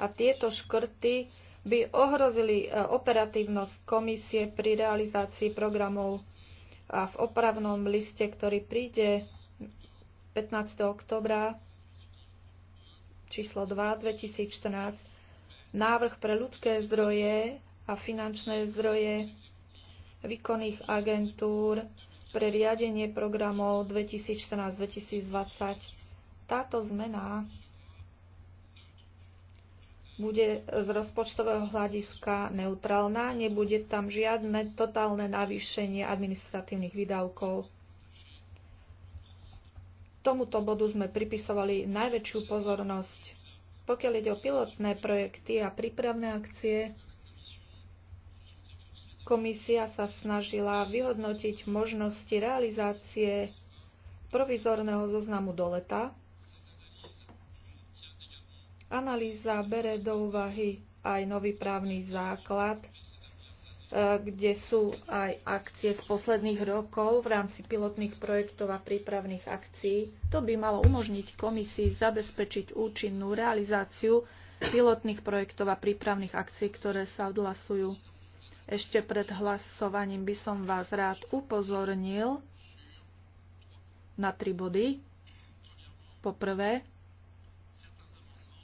a tieto škrty by ohrozili e, operatívnosť komisie pri realizácii programov a v opravnom liste, ktorý príde 15. oktobra číslo 2 2014, návrh pre ľudské zdroje a finančné zdroje výkonných agentúr pre riadenie programov 2014-2020. Táto zmena bude z rozpočtového hľadiska neutrálna, nebude tam žiadne totálne navýšenie administratívnych výdavkov. Tomuto bodu sme pripisovali najväčšiu pozornosť. Pokiaľ ide o pilotné projekty a prípravné akcie, komisia sa snažila vyhodnotiť možnosti realizácie provizorného zoznamu do leta Analýza bere do úvahy aj nový právny základ, e, kde sú aj akcie z posledných rokov v rámci pilotných projektov a prípravných akcií. To by malo umožniť komisii zabezpečiť účinnú realizáciu pilotných projektov a prípravných akcií, ktoré sa odhlasujú. Ešte pred hlasovaním by som vás rád upozornil na tri body. Poprvé,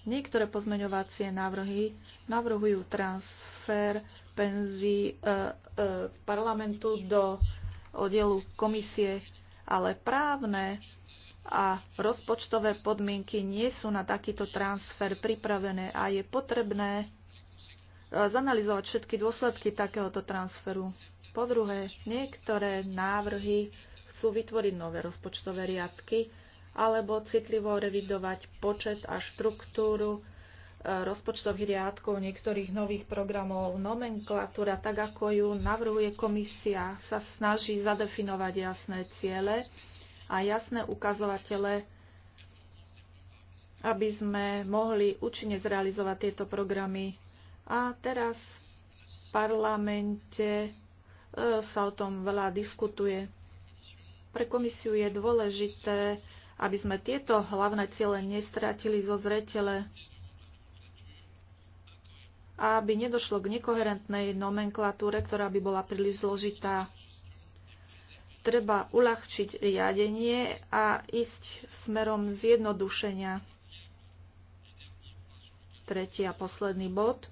Niektoré pozmeňovacie návrhy navrhujú transfer penzí e, e, parlamentu do oddielu komisie, ale právne a rozpočtové podmienky nie sú na takýto transfer pripravené a je potrebné e, zanalizovať všetky dôsledky takéhoto transferu. Po druhé, niektoré návrhy chcú vytvoriť nové rozpočtové riadky, alebo citlivo revidovať počet a štruktúru e, rozpočtových riadkov niektorých nových programov. Nomenklatúra, tak ako ju navrhuje komisia, sa snaží zadefinovať jasné ciele a jasné ukazovatele, aby sme mohli účinne zrealizovať tieto programy. A teraz v parlamente e, sa o tom veľa diskutuje. Pre komisiu je dôležité aby sme tieto hlavné ciele nestratili zo zretele a aby nedošlo k nekoherentnej nomenklatúre, ktorá by bola príliš zložitá. Treba uľahčiť riadenie a ísť smerom zjednodušenia. Tretí a posledný bod.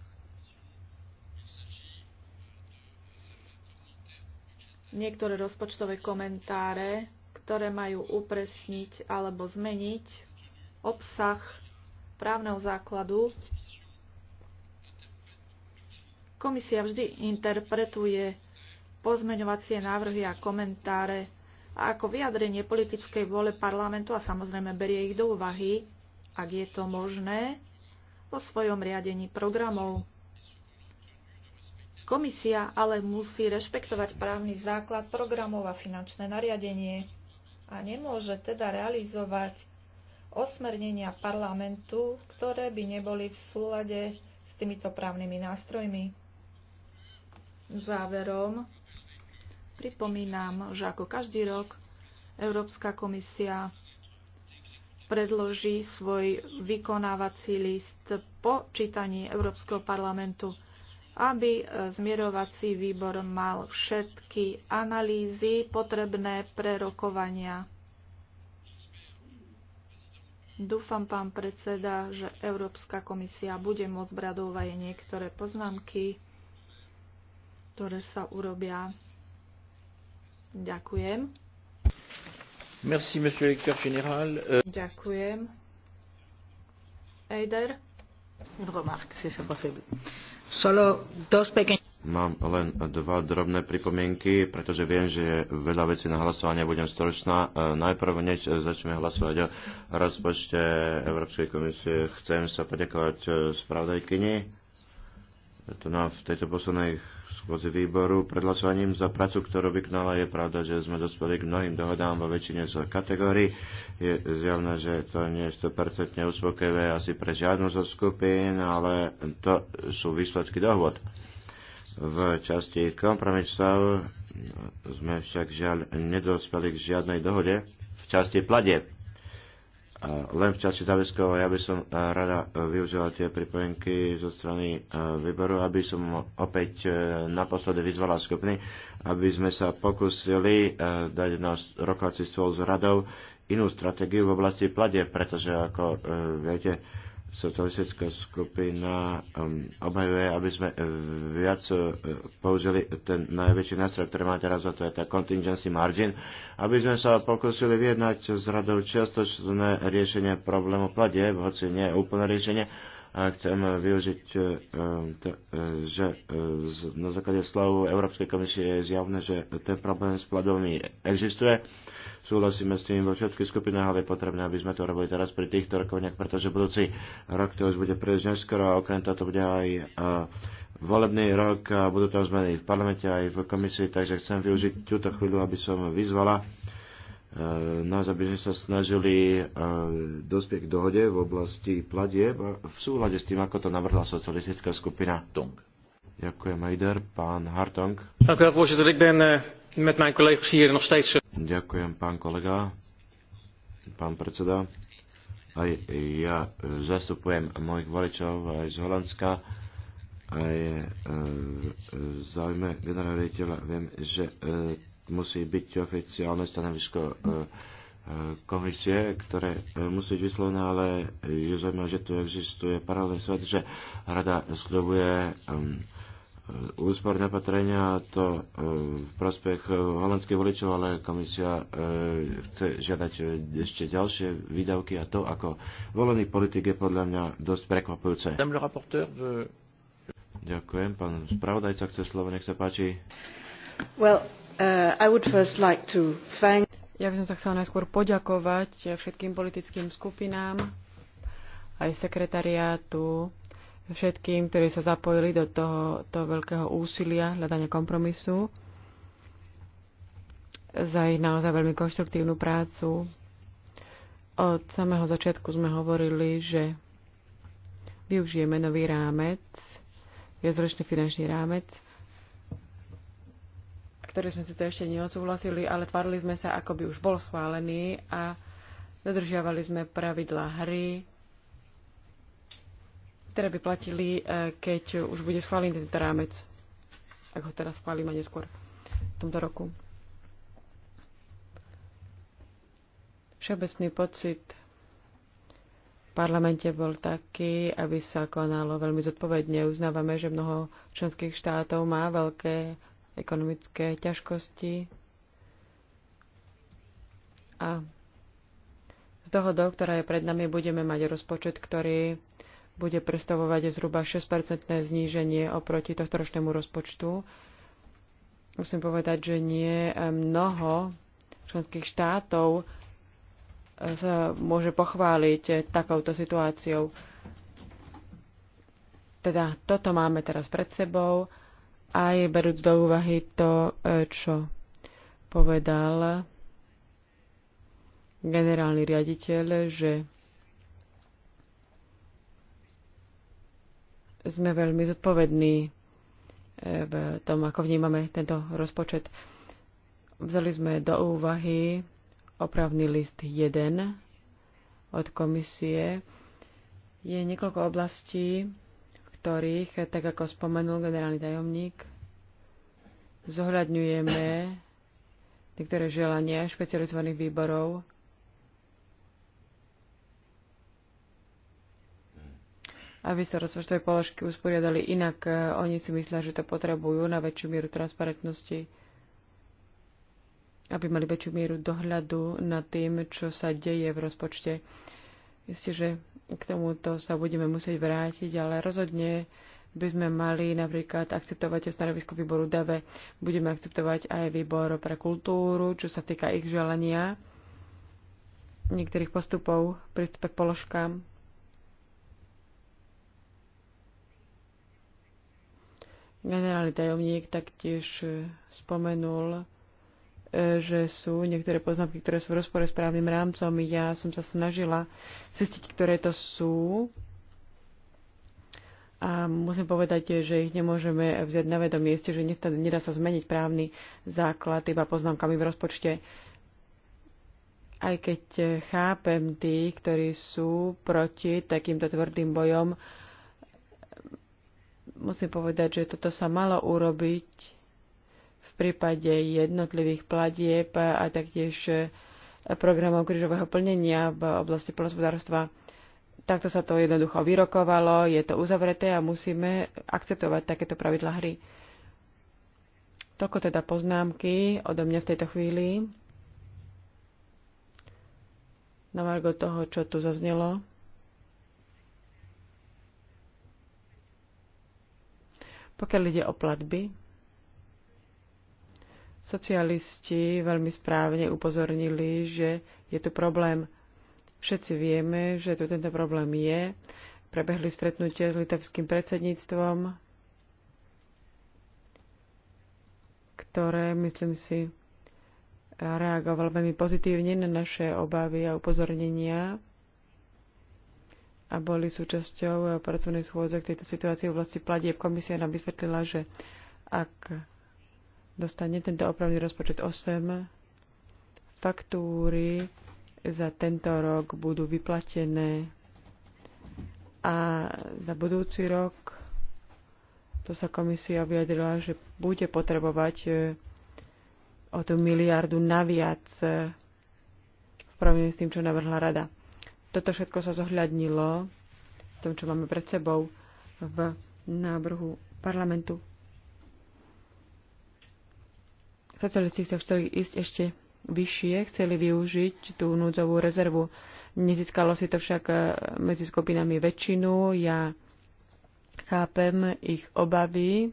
Niektoré rozpočtové komentáre ktoré majú upresniť alebo zmeniť obsah právneho základu. Komisia vždy interpretuje pozmeňovacie návrhy a komentáre a ako vyjadrenie politickej vôle parlamentu a samozrejme berie ich do úvahy, ak je to možné, vo svojom riadení programov. Komisia ale musí rešpektovať právny základ programov a finančné nariadenie a nemôže teda realizovať osmernenia parlamentu, ktoré by neboli v súlade s týmito právnymi nástrojmi. Záverom pripomínam, že ako každý rok Európska komisia predloží svoj vykonávací list po čítaní Európskeho parlamentu aby e, zmierovací výbor mal všetky analýzy potrebné pre rokovania. Dúfam, pán predseda, že Európska komisia bude môcť brať do úvahy niektoré poznámky, ktoré sa urobia. Ďakujem. Merci, monsieur lecteur général. Euh, Ďakujem. Eider? Une remarque, si c'est possible. Euh, Mám len dva drobné pripomienky, pretože viem, že je veľa vecí na hlasovanie, budem stručná. E, najprv, než začneme hlasovať o rozpočte Európskej komisie, chcem sa poďakovať e, spravodajkyni. na, v tejto poslednej schôdzi výboru pred hlasovaním za prácu, ktorú vykonala. Je pravda, že sme dospeli k mnohým dohodám vo väčšine z kategórií. Je zjavné, že to nie je 100% uspokojivé asi pre žiadnu zo skupín, ale to sú výsledky dohod. V časti kompromisov sme však žiaľ nedospeli k žiadnej dohode v časti pladeb len v časti záväzkov. Ja by som eh, rada eh, využila tie pripojenky zo strany eh, výboru, aby som opäť naposledy vyzvala skupiny, aby sme sa pokusili dať na rokovací stôl s radou inú stratégiu v oblasti platie, pretože ako viete, socialistická skupina um, obhajuje, aby sme eh, viac eh, použili ten najväčší nástroj, ktorý má teraz, a to je tá contingency margin, aby sme sa pokúsili vyjednať s radou čiastočné riešenie problému platieb, hoci nie je úplné riešenie, a chcem využiť, eh, že na základe slov Európskej komisie je zjavné, že ten problém s platbami existuje súhlasíme s tým vo všetkých skupinách, ale je potrebné, aby sme to robili teraz pri týchto rokovniach, pretože budúci rok to už bude príliš neskoro a okrem toho to bude aj e, volebný rok a budú tam zmeny v parlamente aj v komisii, takže chcem využiť túto chvíľu, aby som vyzvala e, nás, aby sme sa snažili e, dospieť k dohode v oblasti platieb v súhľade s tým, ako to navrhla socialistická skupina. Tung. Ďakujem, Eider. Pán Hartong. Ďakujem, met mijn collega's hier nog steeds... Ďakujem, pán kolega, pán predseda. Aj ja e, zastupujem mojich voličov aj z Holandska. Aj e, e zaujme generálne riaditeľa viem, že e, musí byť oficiálne stanovisko e, e komisie, ktoré musí byť vyslovené, ale je zaujímavé, že tu existuje paralelný svet, že rada sľubuje um, úsporné opatrenia, to e, v prospech e, holandských voličov, ale komisia e, chce žiadať ešte ďalšie výdavky a to, ako volený politik je podľa mňa dosť prekvapujúce. Ďakujem. Pán spravodajca chce slovo, nech sa páči. Well, uh, I would first like to thank... Ja by som sa chcela najskôr poďakovať všetkým politickým skupinám, aj sekretariátu, všetkým, ktorí sa zapojili do tohoto veľkého úsilia hľadania kompromisu za ich naozaj veľmi konštruktívnu prácu. Od samého začiatku sme hovorili, že využijeme nový rámec, viacročný finančný rámec, ktorý sme si to ešte neodsúhlasili, ale tvárili sme sa, ako by už bol schválený a dodržiavali sme pravidlá hry, ktoré by platili, e, keď už bude schválený ten rámec, ak ho teraz schválime neskôr v tomto roku. Všeobecný pocit v parlamente bol taký, aby sa konalo veľmi zodpovedne. Uznávame, že mnoho členských štátov má veľké ekonomické ťažkosti a z dohodov, ktorá je pred nami, budeme mať rozpočet, ktorý bude predstavovať zhruba 6-percentné zníženie oproti tohto ročnému rozpočtu. Musím povedať, že nie mnoho členských štátov eh, sa môže pochváliť eh, takouto situáciou. Teda toto máme teraz pred sebou, aj berúc do úvahy to, eh, čo povedal generálny riaditeľ, že sme veľmi zodpovední e, v tom, ako vnímame tento rozpočet. Vzali sme do úvahy opravný list 1 od komisie. Je niekoľko oblastí, v ktorých, tak ako spomenul generálny tajomník, zohľadňujeme niektoré želania špecializovaných výborov aby sa rozpočtové položky usporiadali inak. E, oni si myslia, že to potrebujú na väčšiu mieru transparentnosti, aby mali väčšiu mieru dohľadu nad tým, čo sa deje v rozpočte. Myslím, že k tomuto sa budeme musieť vrátiť, ale rozhodne by sme mali napríklad akceptovať stanovisko výboru dave, Budeme akceptovať aj výbor pre kultúru, čo sa týka ich želania, niektorých postupov, prístupe k položkám. Generálny tajomník taktiež e, spomenul, e, že sú niektoré poznámky, ktoré sú v rozpore s právnym rámcom. Ja som sa snažila zistiť, ktoré to sú. A musím povedať, že ich nemôžeme vziať na vedomie, že nedá sa zmeniť právny základ iba poznámkami v rozpočte. Aj keď e, chápem tých, ktorí sú proti takýmto tvrdým bojom, musím povedať, že toto sa malo urobiť v prípade jednotlivých platieb a taktiež e, programov krížového plnenia v oblasti polnospodárstva. Takto sa to jednoducho vyrokovalo, je to uzavreté a musíme akceptovať takéto pravidla hry. Toľko teda poznámky odo mňa v tejto chvíli. Na margo toho, čo tu zaznelo. Pokiaľ ide o platby, socialisti veľmi správne upozornili, že je tu problém. Všetci vieme, že tu tento problém je. Prebehli stretnutie s litovským predsedníctvom, ktoré, myslím si, reagoval veľmi pozitívne na naše obavy a upozornenia a boli súčasťou eh, pracovnej schôdze k tejto situácii v oblasti platieb. Komisia nám vysvetlila, že ak dostane tento opravný rozpočet 8, faktúry za tento rok budú vyplatené a za budúci rok to sa komisia vyjadrila, že bude potrebovať eh, o tú miliardu naviac eh, v porovnaní s tým, čo navrhla rada. Toto všetko sa zohľadnilo v tom, čo máme pred sebou v návrhu parlamentu. Socialisti sa chceli ísť ešte vyššie, chceli využiť tú núdzovú rezervu. Nezískalo si to však eh, medzi skupinami väčšinu. Ja chápem ich obavy,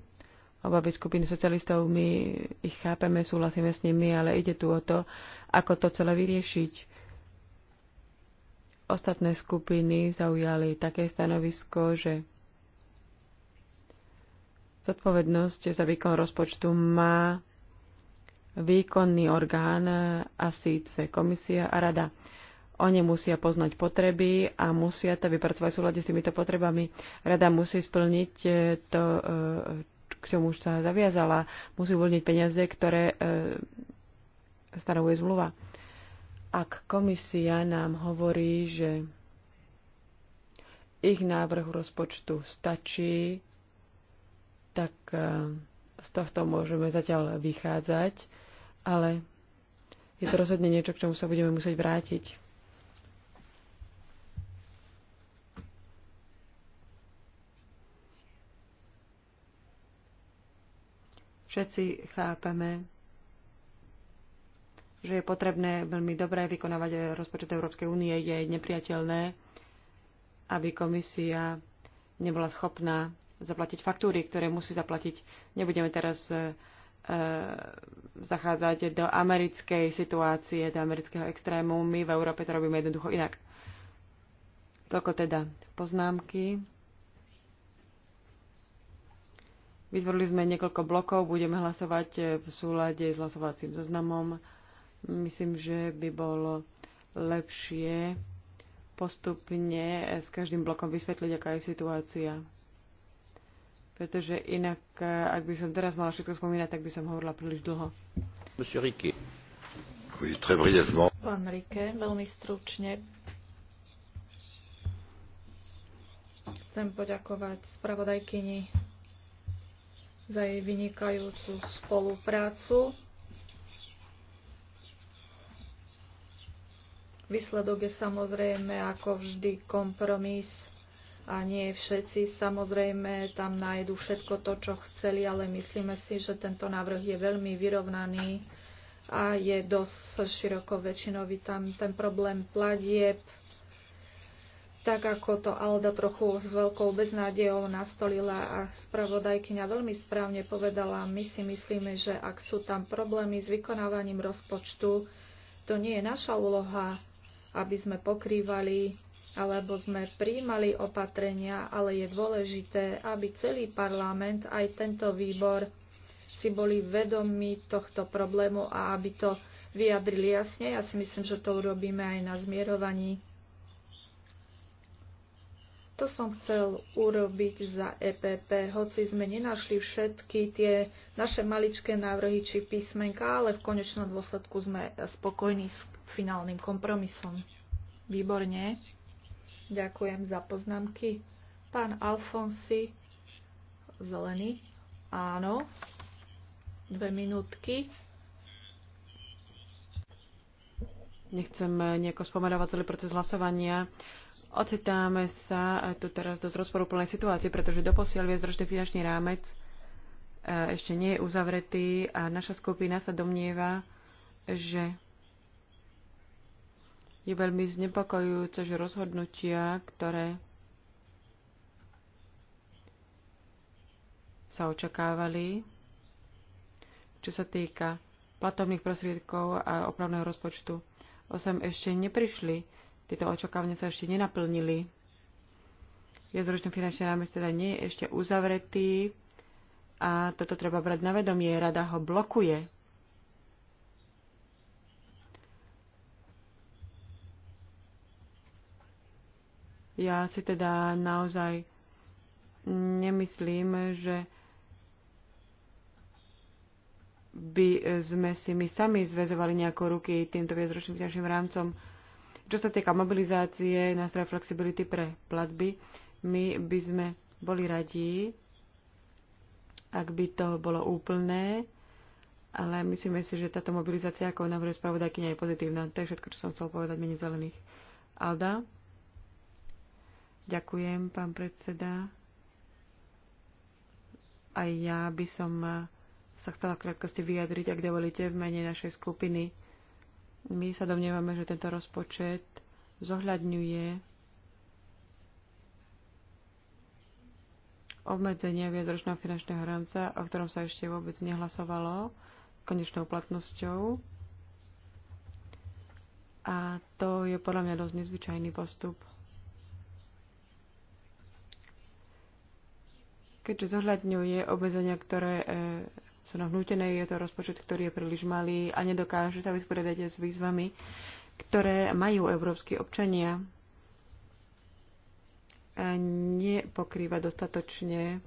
obavy skupiny socialistov, my ich chápeme, súhlasíme s nimi, ale ide tu o to, ako to celé vyriešiť. Ostatné skupiny zaujali také stanovisko, že zodpovednosť za výkon rozpočtu má výkonný orgán a síce komisia a rada. Oni musia poznať potreby a musia to vypracovať v s týmito potrebami. Rada musí splniť e, to, e, k čomu už sa zaviazala, musí uvoľniť peniaze, ktoré e, stanovuje zmluva. Ak komisia nám hovorí, že ich návrh rozpočtu stačí, tak eh, z tohto môžeme zatiaľ vychádzať, ale je to rozhodne niečo, k čomu sa budeme musieť vrátiť. Všetci chápeme, že je potrebné veľmi dobre vykonávať rozpočet Európskej únie, je nepriateľné, aby komisia nebola schopná zaplatiť faktúry, ktoré musí zaplatiť. Nebudeme teraz e, e, zachádzať do americkej situácie, do amerického extrému. My v Európe to robíme jednoducho inak. Toľko teda poznámky. Vytvorili sme niekoľko blokov, budeme hlasovať v súlade s hlasovacím zoznamom. So Myslím, že by bolo lepšie postupne s každým blokom vysvetliť, aká je situácia. Pretože inak, ak by som teraz mala všetko spomínať, tak by som hovorila príliš dlho. Pán Rike, veľmi stručne. Chcem poďakovať spravodajkyni za jej vynikajúcu spoluprácu Výsledok je samozrejme ako vždy kompromis a nie všetci samozrejme tam nájdu všetko to, čo chceli, ale myslíme si, že tento návrh je veľmi vyrovnaný a je dosť široko väčšinový. Tam ten problém pladieb, tak ako to Alda trochu s veľkou beznádejou nastolila a spravodajkyňa veľmi správne povedala, my si myslíme, že ak sú tam problémy s vykonávaním rozpočtu, to nie je naša úloha aby sme pokrývali alebo sme príjmali opatrenia, ale je dôležité, aby celý parlament, aj tento výbor, si boli vedomi tohto problému a aby to vyjadrili jasne. Ja si myslím, že to urobíme aj na zmierovaní. To som chcel urobiť za EPP, hoci sme nenašli všetky tie naše maličké návrhy či písmenka, ale v konečnom dôsledku sme spokojní s finálnym kompromisom. Výborne. Ďakujem za poznámky. Pán Alfonsi, zelený. Áno. Dve minútky. Nechcem nejako spomenovať celý proces hlasovania. Ocitáme sa tu teraz dosť rozporúplnej situácie, pretože doposiaľ viacročný finančný rámec eh, ešte nie je uzavretý a naša skupina sa domnieva, že je veľmi znepokojujúce, že rozhodnutia, ktoré sa očakávali, čo sa týka platovných prostriedkov a opravného rozpočtu, o sem ešte neprišli. Tieto očakávania sa ešte nenaplnili. Viacročný finančný rámec teda nie je ešte uzavretý a toto treba brať na vedomie. Rada ho blokuje. Ja si teda naozaj nemyslím, že by sme si my sami zväzovali nejako ruky týmto viacročným ťažším rámcom. Čo sa týka mobilizácie nástroja flexibility pre platby, my by sme boli radi, ak by to bolo úplné, ale myslíme si, že táto mobilizácia, ako navrhuje spravodajkynia, je pozitívna. To je všetko, čo som chcel povedať mene zelených. Alda? Ďakujem, pán predseda. Aj ja by som sa chcela krátkosti vyjadriť, ak dovolíte, v mene našej skupiny. My sa domnievame, že tento rozpočet zohľadňuje obmedzenie viacročného finančného rámca, o ktorom sa ešte vôbec nehlasovalo konečnou platnosťou. A to je podľa mňa dosť nezvyčajný postup. Keďže zohľadňuje obmedzenia, ktoré e, sú nám vnútené, je to rozpočet, ktorý je príliš malý a nedokáže sa vysporiadať s výzvami, ktoré majú európsky občania. A nepokrýva dostatočne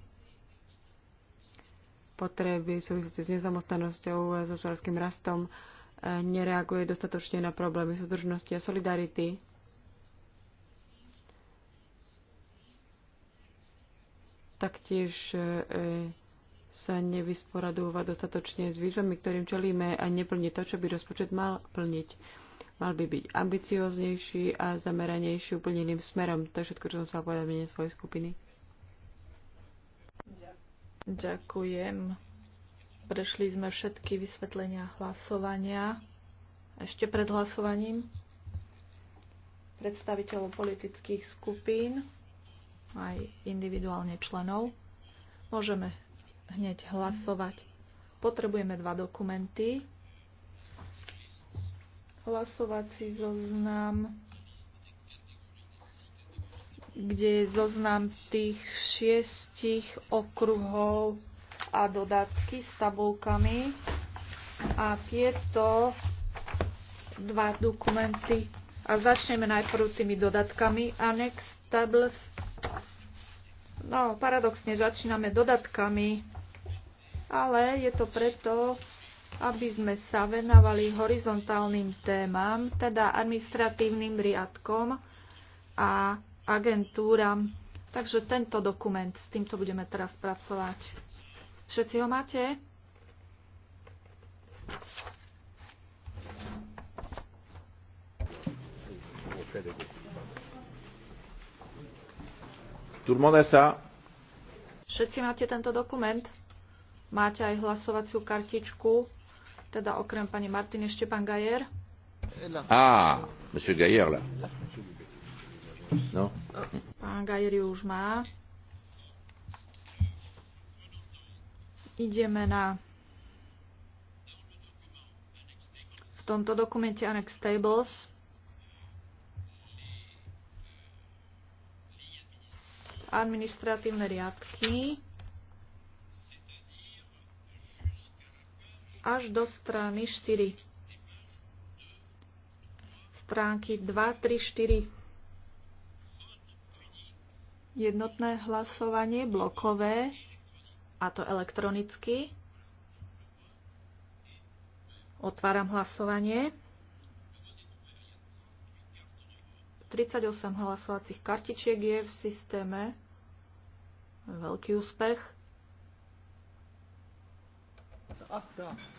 potreby súvisiace s nezamostnanosťou, s hospodárským rastom, e, nereaguje dostatočne na problémy súdržnosti a solidarity Taktiež e, sa nevysporadúva dostatočne s výzvami, ktorým čelíme a neplní to, čo by rozpočet mal plniť. Mal by byť ambicioznejší a zameranejší úplne iným smerom. To je všetko, čo som sa povedať mene svojej skupiny. Ďakujem. Prešli sme všetky vysvetlenia hlasovania. Ešte pred hlasovaním predstaviteľov politických skupín aj individuálne členov. Môžeme hneď hlasovať. Potrebujeme dva dokumenty. Hlasovací zoznam, kde je zoznam tých šiestich okruhov a dodatky s tabulkami. A tieto dva dokumenty. A začneme najprv tými dodatkami. Annex Tables No, paradoxne začíname dodatkami, ale je to preto, aby sme sa venovali horizontálnym témam, teda administratívnym riadkom a agentúram. Takže tento dokument, s týmto budeme teraz pracovať. Všetci ho máte? Tout le monde a ça Všetci máte tento dokument? Máte aj hlasovaciu kartičku? Teda okrem pani Martiny ešte pán Gajer? Á, monsieur Gajer, là. No. Pán Gajer ju už má. Ideme na v tomto dokumente Annex Tables administratívne riadky až do strany 4. Stránky 2, 3, 4. Jednotné hlasovanie blokové, a to elektronicky. Otváram hlasovanie. 38 hlasovacích kartičiek je v systéme veľký úspech.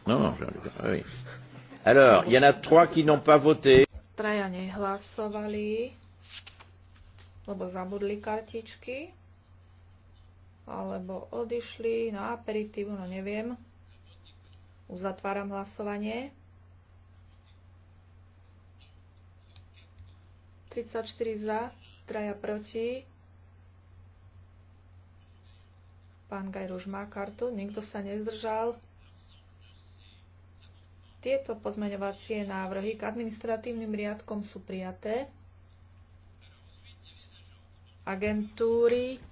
No, no, oui. Alors, il y en a trois qui n'ont pas voté. Traja nehlasovali, lebo zabudli kartičky, alebo odišli na aperitívu, no neviem. Uzatváram hlasovanie. 34 za, traja proti Pán Gajruš má kartu, nikto sa nezdržal. Tieto pozmeňovacie návrhy k administratívnym riadkom sú prijaté. Agentúry.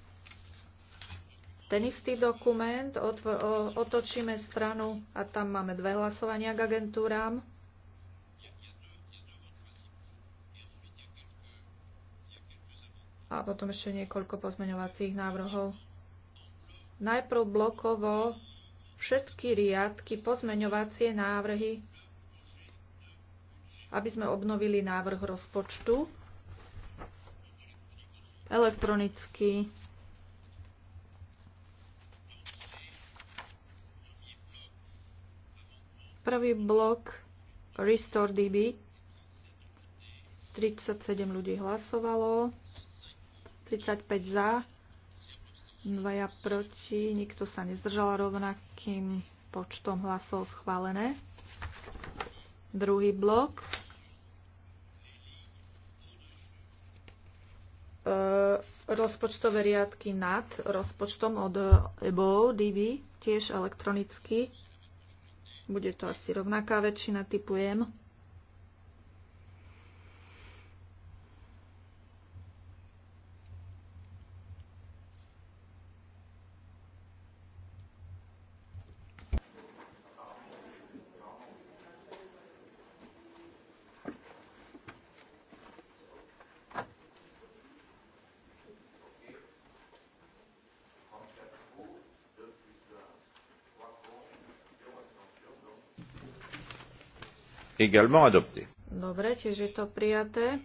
Ten istý dokument, otočíme stranu a tam máme dve hlasovania k agentúram. a potom ešte niekoľko pozmeňovacích návrhov najprv blokovo všetky riadky, pozmeňovacie návrhy, aby sme obnovili návrh rozpočtu elektronicky. Prvý blok Restore DB. 37 ľudí hlasovalo, 35 za, dvaja proti, nikto sa nezdržal rovnakým počtom hlasov schválené. Druhý blok. E, rozpočtové riadky nad rozpočtom od EBO, DB, tiež elektronicky. Bude to asi rovnaká väčšina, typujem. également adopté. Dobre, čiže je to prijaté.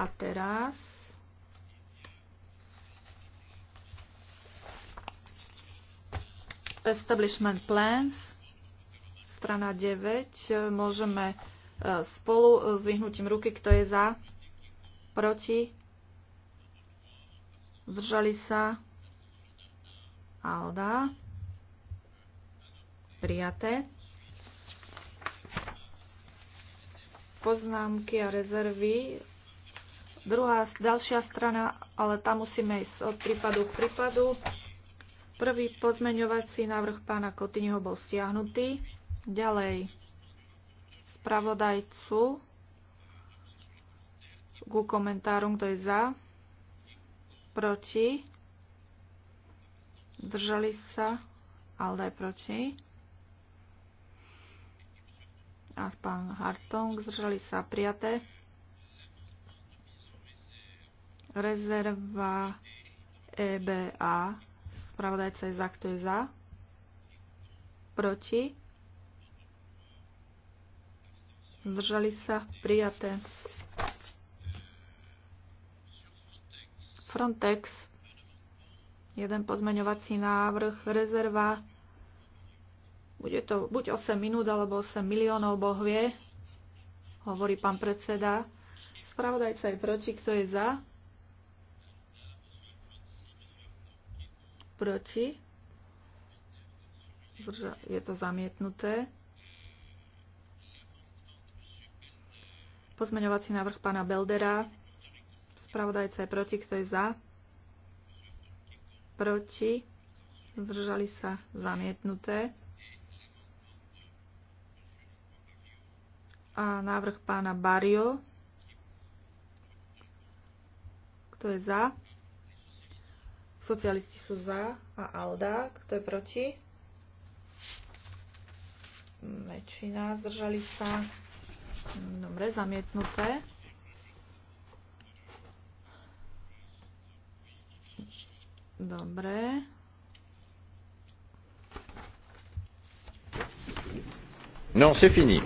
A teraz... Establishment plans, strana 9. Môžeme e, spolu s vyhnutím ruky, kto je za, proti, zdržali sa, Alda, prijaté. poznámky a rezervy. Druhá, ďalšia strana, ale tam musíme ísť od prípadu k prípadu. Prvý pozmeňovací návrh pána Kotyneho bol stiahnutý. Ďalej spravodajcu ku komentárom, kto je za, proti, držali sa, ale aj proti a pán Hartong. Zdržali sa prijaté. Rezerva EBA. Spravodajca je za, kto je za. Proti. Zdržali sa prijaté. Frontex. Jeden pozmeňovací návrh. Rezerva bude to buď 8 minút alebo 8 miliónov, Boh vie, hovorí pán predseda. Spravodajca je proti, kto je za? Proti. Je to zamietnuté. Pozmeňovací návrh pána Beldera. Spravodajca je proti, kto je za? Proti. Zdržali sa zamietnuté. a návrh pána Bario. Kto je za? Socialisti sú za a Alda. Kto je proti? Väčšina zdržali sa. Dobre, zamietnuté. Dobre. Non, c'est fini.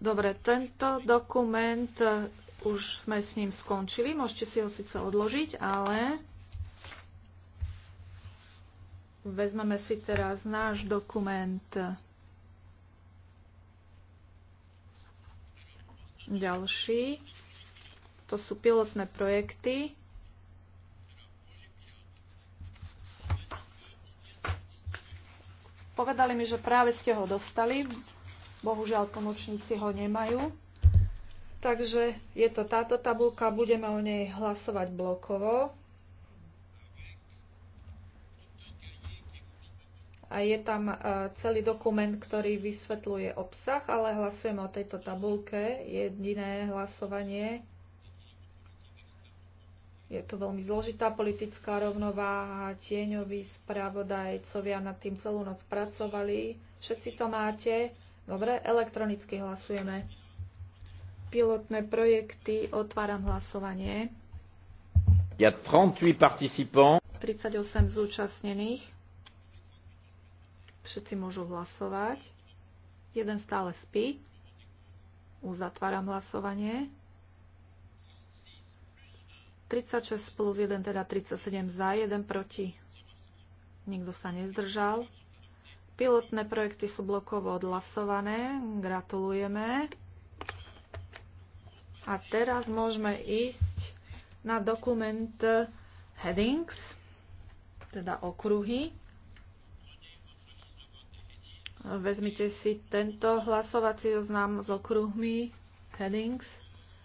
Dobre, tento dokument e, už sme s ním skončili. Môžete si ho síce odložiť, ale vezmeme si teraz náš dokument. Ďalší. To sú pilotné projekty. Povedali mi, že práve ste ho dostali. Bohužiaľ, tlmočníci ho nemajú. Takže je to táto tabulka, budeme o nej hlasovať blokovo. A je tam e, celý dokument, ktorý vysvetľuje obsah, ale hlasujeme o tejto tabulke. Jediné hlasovanie. Je to veľmi zložitá politická rovnováha, tieňoví spravodajcovia nad tým celú noc pracovali. Všetci to máte. Dobre, elektronicky hlasujeme. Pilotné projekty, otváram hlasovanie. Il y a 38 participants. 38 zúčastnených. Všetci môžu hlasovať. Jeden stále spí. Uzatváram hlasovanie. 36 plus 1, teda 37 za, 1 proti. Nikto sa nezdržal. Pilotné projekty sú blokovo odhlasované. Gratulujeme. A teraz môžeme ísť na dokument headings, teda okruhy. Vezmite si tento hlasovací oznám s okruhmi headings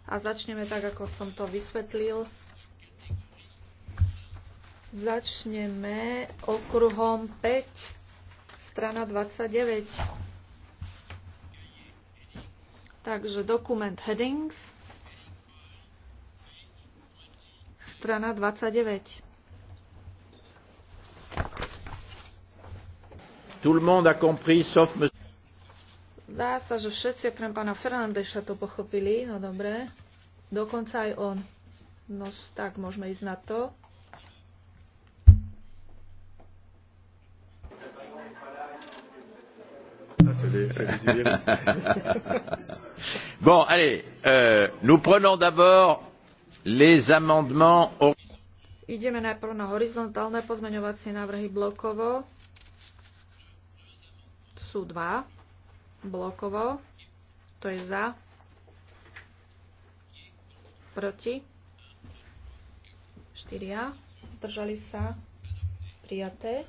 a začneme tak, ako som to vysvetlil. Začneme okruhom 5 strana 29. Takže dokument headings, strana 29. Tout le monde a compris, sauf monsieur... Dá sa, že všetci okrem pána Fernandeša to pochopili, no dobre. Dokonca aj on. No tak, môžeme ísť na to. bon, allez, euh, nous prenons d'abord les amendements. Ideme najprv na horizontálne pozmeňovacie návrhy blokovo. Sú dva. Blokovo. To je za. Proti. Štyria. Zdržali sa. Prijaté.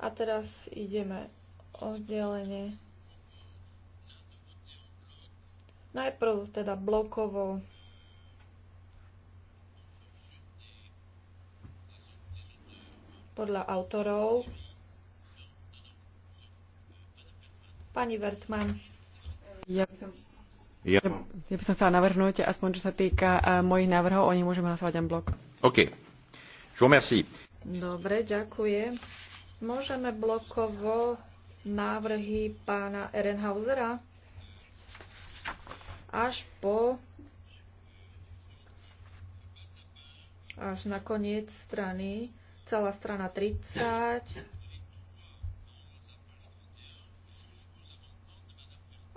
A teraz ideme oddelenie. Najprv teda blokovo podľa autorov. Pani Vertman. Ja by som, ja. Ja by som chcela navrhnúť, aspoň čo sa týka uh, mojich návrhov, oni môžeme hlasovať en blok. OK. Je vous remercie. Dobre, ďakujem. Môžeme blokovo návrhy pána Ehrenhausera až po až na koniec strany, celá strana 30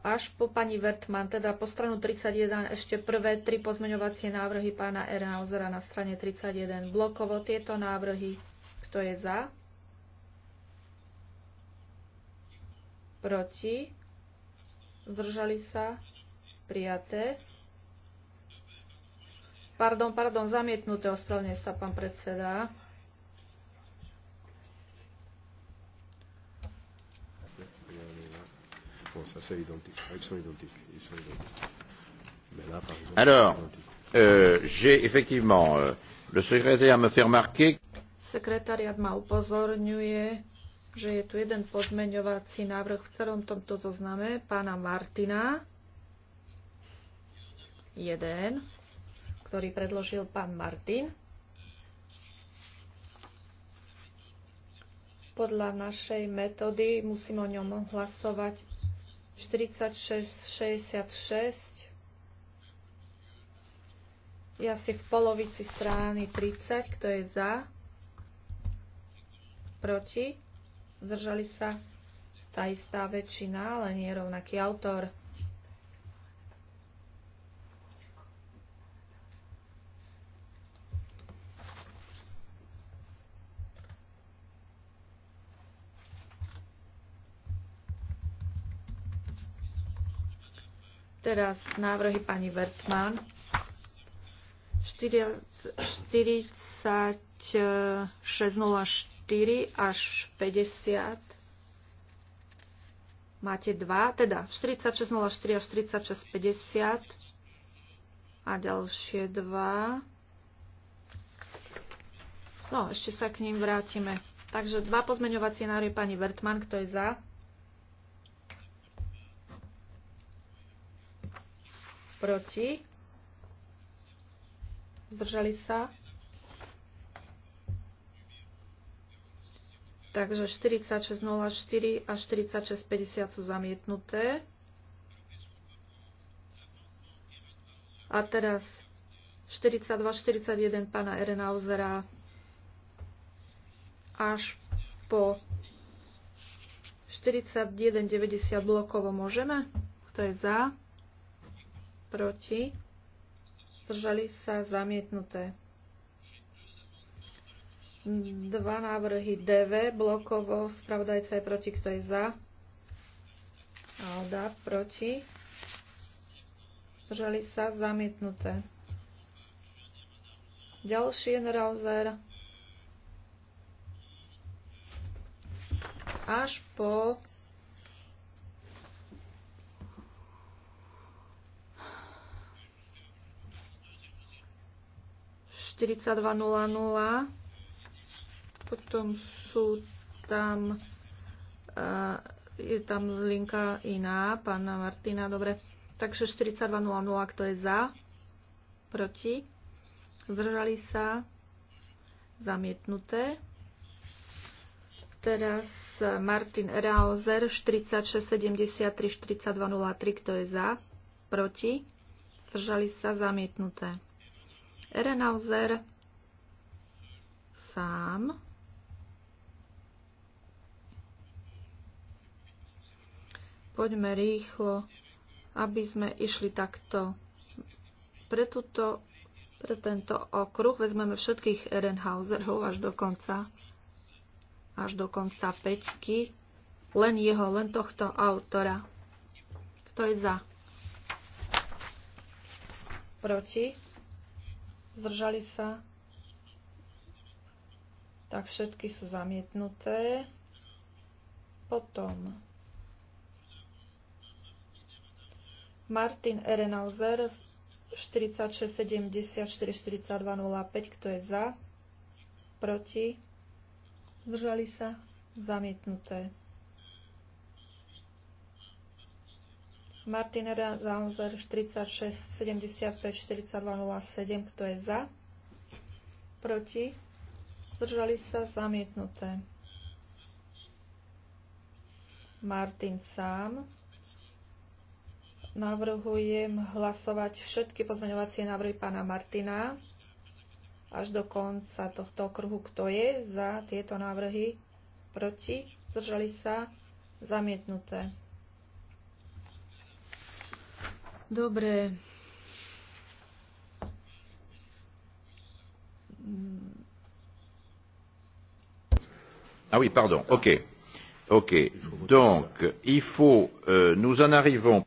až po pani Vertman, teda po stranu 31 ešte prvé tri pozmeňovacie návrhy pána Ehrenhausera na strane 31. Blokovo tieto návrhy. Kto je za? proti, zdržali sa, prijaté. Pardon, pardon, zamietnuté, ospravne sa pán predseda. Ah, Alors, euh, j'ai effectivement euh, le secrétaire me fait remarquer. Secrétariat ma upozorňuje, že je tu jeden pozmeňovací návrh v celom tomto zozname pána Martina. Jeden, ktorý predložil pán Martin. Podľa našej metódy musíme o ňom hlasovať 46-66. Ja si v polovici strany 30, kto je za, proti zdržali sa, tá istá väčšina, ale nie rovnaký autor. Teraz návrhy pani Vertman. 4 až 50 máte 2, teda 4604 až 3650 a ďalšie 2. No, ešte sa k ním vrátime. Takže dva pozmeňovacie návrhy pani Vertman, kto je za? Proti? Zdržali sa? Takže 46.04 a 46.50 sú zamietnuté. A teraz 42-41 pána Erenauzera až po 41,90 blokovo môžeme? Kto je za? Proti? Zdržali sa zamietnuté. Dva návrhy DV blokovo, spravodajca je proti, kto je za. Alda proti. Zdržali sa zamietnuté. Ďalší je Rauser. Až po Štyridsaťdva nula nula. Potom sú tam, eh, je tam linka iná, pána Martina, dobre. Takže 42.00, kto je za, proti, zdržali sa, zamietnuté. Teraz eh, Martin Rauzer 4673 4203, kto je za, proti, zdržali sa, zamietnuté. Renauzer sám Poďme rýchlo, aby sme išli takto. Pre, tuto, pre tento okruh vezmeme všetkých Ehrenhauserov až do konca, až do konca peťky, len jeho, len tohto autora. Kto je za? Proti? Zdržali sa? Tak všetky sú zamietnuté. Potom Martin Erenauzer 4670 4205, kto je za, proti, zdržali sa, zamietnuté. Martin Erenauzer 46 75 4207, kto je za, proti, zdržali sa, zamietnuté. Martin sám Navrhujem hlasovať všetky pozmeňovacie návrhy pána Martina až do konca tohto okruhu. Kto je za tieto návrhy? Proti? Zdržali sa? Zamietnuté. Dobre. Ah oui, pardon. OK. OK. Donc, il faut, euh, nous en arrivons.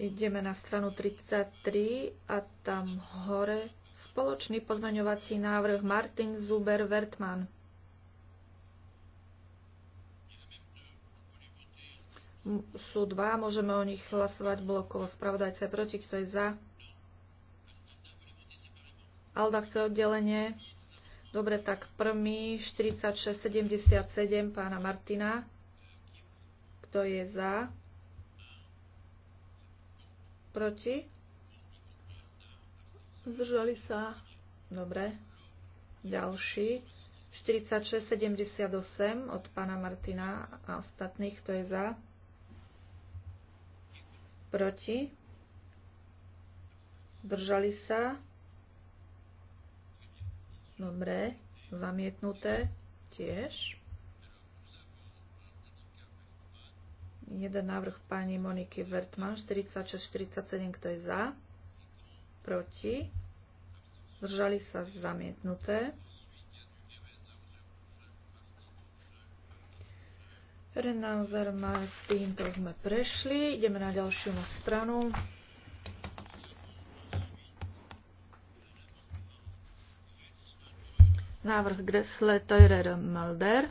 Ideme na stranu 33 a tam hore spoločný pozmaňovací návrh Martin Zuber Wertmann. Sú dva, môžeme o nich hlasovať blokovo. Spravodajca je proti, kto je za. Alda chce oddelenie. Dobre, tak prvý 4677 pána Martina. Kto je za? Proti? Zdržali sa? Dobre. Ďalší. 46,78 od pána Martina a ostatných. Kto je za? Proti? Držali sa? Dobre. Zamietnuté tiež. Jeden návrh pani Moniky Vertman, 46-47, kto je za, proti, zdržali sa zamietnuté. Renauzer Martin, to sme prešli. Ideme na ďalšiu na stranu. Návrh Gressle Teurer Mulder.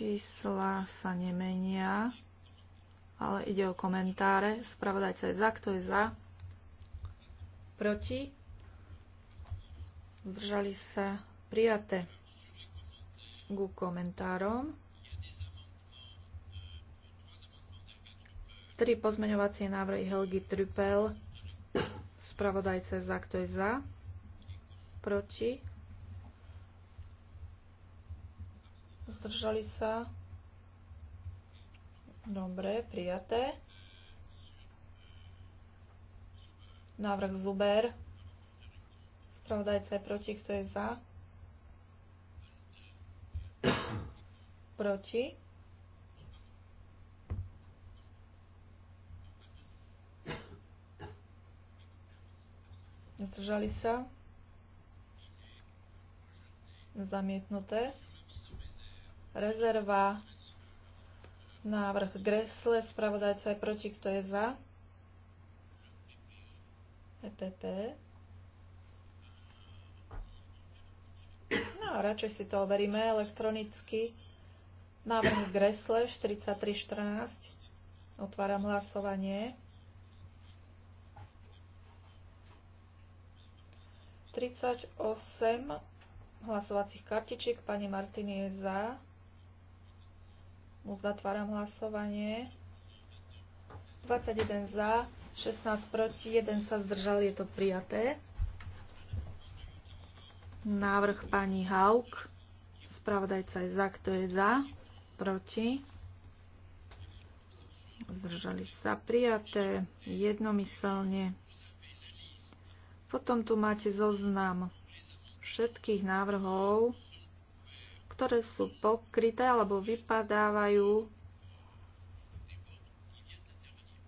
Čísla sa nemenia, ale ide o komentáre. Spravodajca je za, kto je za? Proti? Zdržali sa prijaté ku komentárom. Tri pozmeňovacie návrhy Helgi Trupel. je za, kto je za? Proti? Zdržali sa? Dobre, prijaté. Návrh Zuber. Spravodajca je proti, kto je za? Proti. Zdržali sa? Zamietnuté rezerva, návrh Gresle, spravodajca je proti, kto je za, EPP. No, a radšej si to overíme elektronicky. Návrh Gresle 4314. Otváram hlasovanie. 38 hlasovacích kartičiek. Pani Martin je za. Uzatváram hlasovanie. 21 za, 16 proti, 1 sa zdržal, je to prijaté. Návrh pani Hauk. Spravodajca je za, kto je za, proti. Zdržali sa prijaté jednomyselne. Potom tu máte zoznam všetkých návrhov, ktoré sú pokryté alebo vypadávajú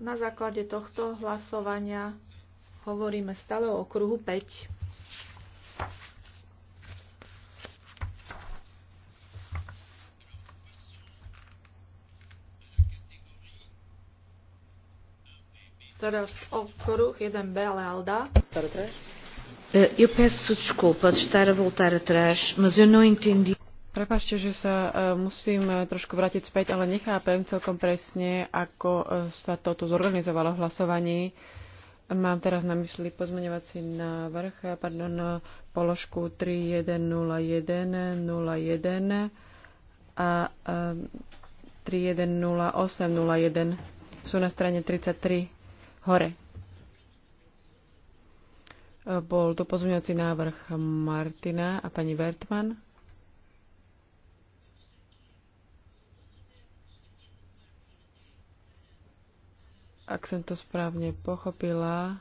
na základe tohto hlasovania hovoríme stále o okruhu 5. Teraz okruh 1B Lealda. Eh, eu peço desculpa de estar a voltar atrás, mas eu não entendi. Prepašte, že sa e, musím e, trošku vrátiť späť, ale nechápem celkom presne, ako e, sa toto zorganizovalo v hlasovaní. Mám teraz na mysli pozmeňovací návrh, pardon, položku 310101 a 310801 sú na strane 33 hore. Bol to pozmeňovací návrh Martina a pani Bertman ak som to správne pochopila,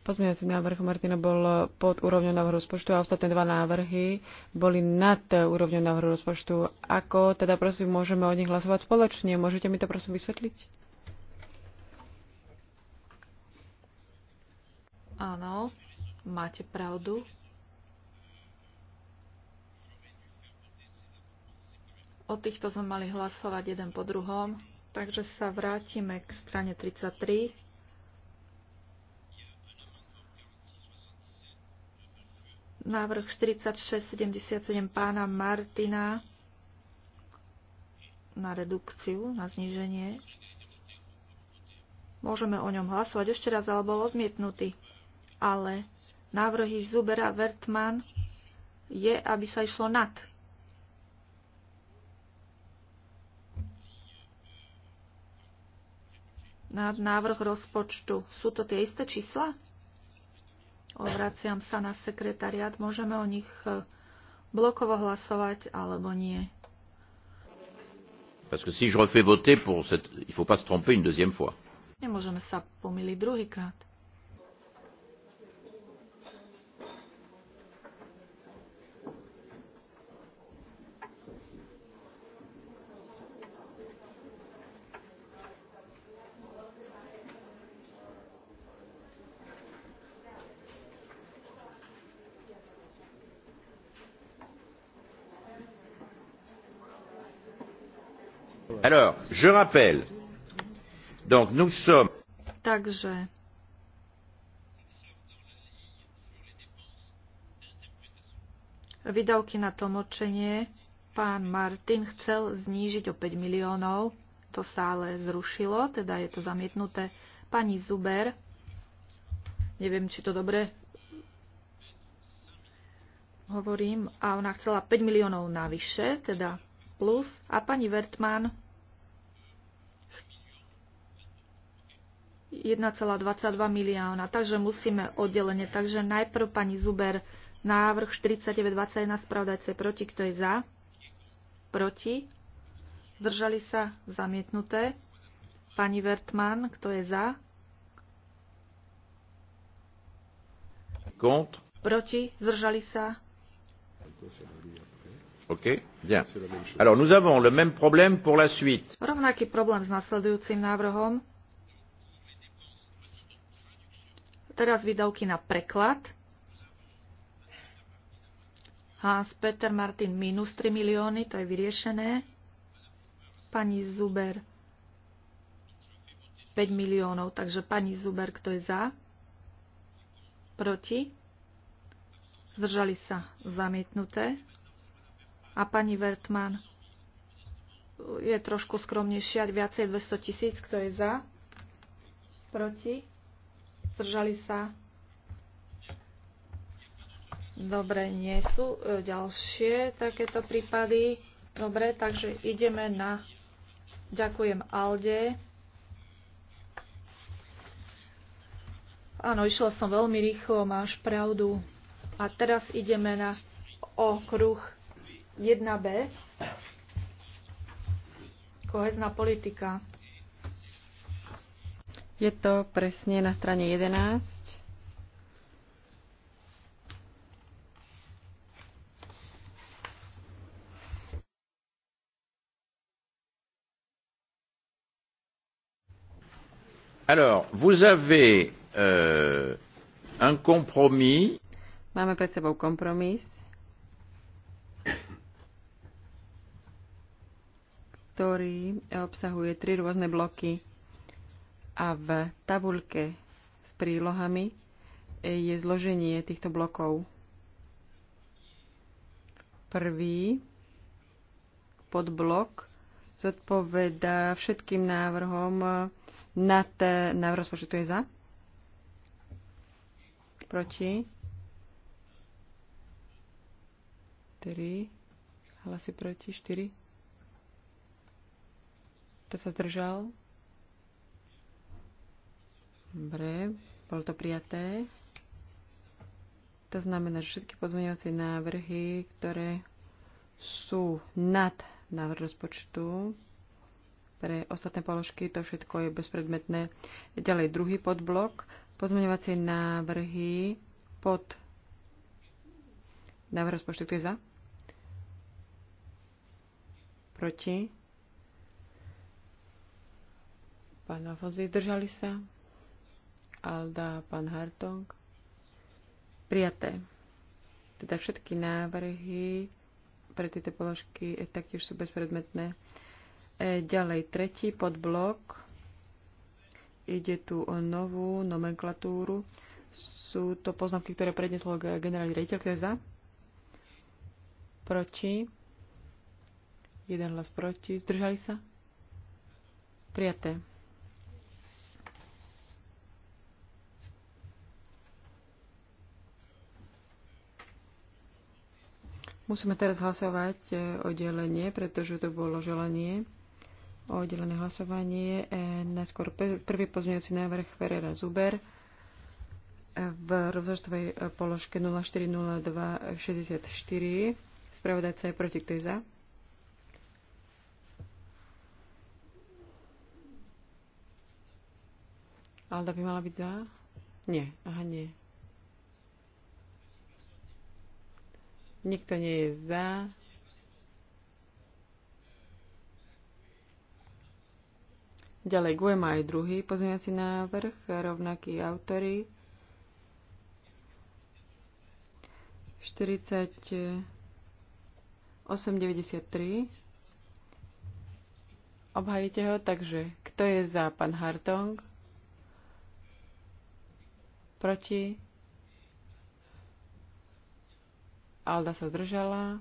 pozmeňací návrh Martina bol pod úrovňou návrhu rozpočtu a ostatné dva návrhy boli nad úrovňou návrhu rozpočtu. Ako teda prosím môžeme o nich hlasovať spoločne? Môžete mi to prosím vysvetliť? Áno, máte pravdu. O týchto sme mali hlasovať jeden po druhom, takže sa vrátime k strane 33. Návrh 4677 pána Martina na redukciu, na zníženie. Môžeme o ňom hlasovať ešte raz, alebo bol odmietnutý. Ale návrhy Zubera Vertman je, aby sa išlo nad na návrh rozpočtu. Sú to tie isté čísla? Ovraciam sa na sekretariat. Môžeme o nich e, blokovo hlasovať alebo nie. Parce que si je refais voter pour cette... Il faut pas se tromper une deuxième fois. Nemôžeme sa pomýliť druhýkrát. je rappelle. Donc, nous sommes... Takže Výdavky na tlmočenie pán Martin chcel znížiť o 5 miliónov. To sa ale zrušilo, teda je to zamietnuté. Pani Zuber, neviem, či to dobre hovorím, a ona chcela 5 miliónov navyše, teda plus a pani Vertman 1,22 milióna. Takže musíme oddelenie. Takže najprv pani Zuber návrh 4921 spravodajce proti. Kto je za? Proti. Zdržali sa zamietnuté. Pani Vertman, kto je za? Contre. Proti. Zdržali sa. Bien. Alors nous avons le même problème pour la suite. Rovnaký problém s nasledujúcim návrhom. Teraz výdavky na preklad. Hans Peter Martin minus 3 milióny, to je vyriešené. Pani Zuber 5 miliónov, takže pani Zuber, kto je za? Proti? Zdržali sa zamietnuté a pani Vertman je trošku skromnejšia, viacej 200 tisíc, kto je za, proti, zdržali sa. Dobre, nie sú e, ďalšie takéto prípady. Dobre, takže ideme na... Ďakujem Alde. Áno, išla som veľmi rýchlo, máš pravdu. A teraz ideme na okruh 1b, kohezná politika. Je to presne na strane 11. Alors, vous avez euh, un compromis. Máme pred sebou kompromis. ktorý e, obsahuje tri rôzne bloky a v tabuľke s prílohami e, je zloženie týchto blokov. Prvý podblok zodpoveda všetkým návrhom e, nad návrh rozpočtu. je za? Proti? 3. Hlasy proti? 4. Kto sa zdržal? Dobre, bolo to prijaté. To znamená, že všetky pozmeňovacie návrhy, ktoré sú nad návrh rozpočtu pre ostatné položky, to všetko je bezpredmetné. Ďalej druhý podblok, pozmeňovacie návrhy pod návrh rozpočtu, kto je za? Proti? Pán Afonzi, zdržali sa? Alda, pán Hartong. Prijaté. Teda všetky návrhy pre tieto položky taktiež sú bezpredmetné. E, ďalej, tretí podblok. Ide tu o novú nomenklatúru. Sú to poznámky, ktoré predneslo generálny rejiteľ kto je za? Proti? Jeden hlas proti. Zdržali sa? Prijaté. Musíme teraz hlasovať e, o delenie, pretože to bolo želanie o oddelené hlasovanie. E, najskôr prvý pozmeňujúci návrh Ferrera Zuber e, v rozpočtovej položke 040264. Spravodajca je proti, kto je za? Alda by mala byť za? Nie, aha, nie. Nikto nie je za. Ďalej má aj druhý pozmeňovací návrh, rovnaký autory. 48,93. Obhajíte ho, takže kto je za, pán Hartong? Proti? Alda sa zdržala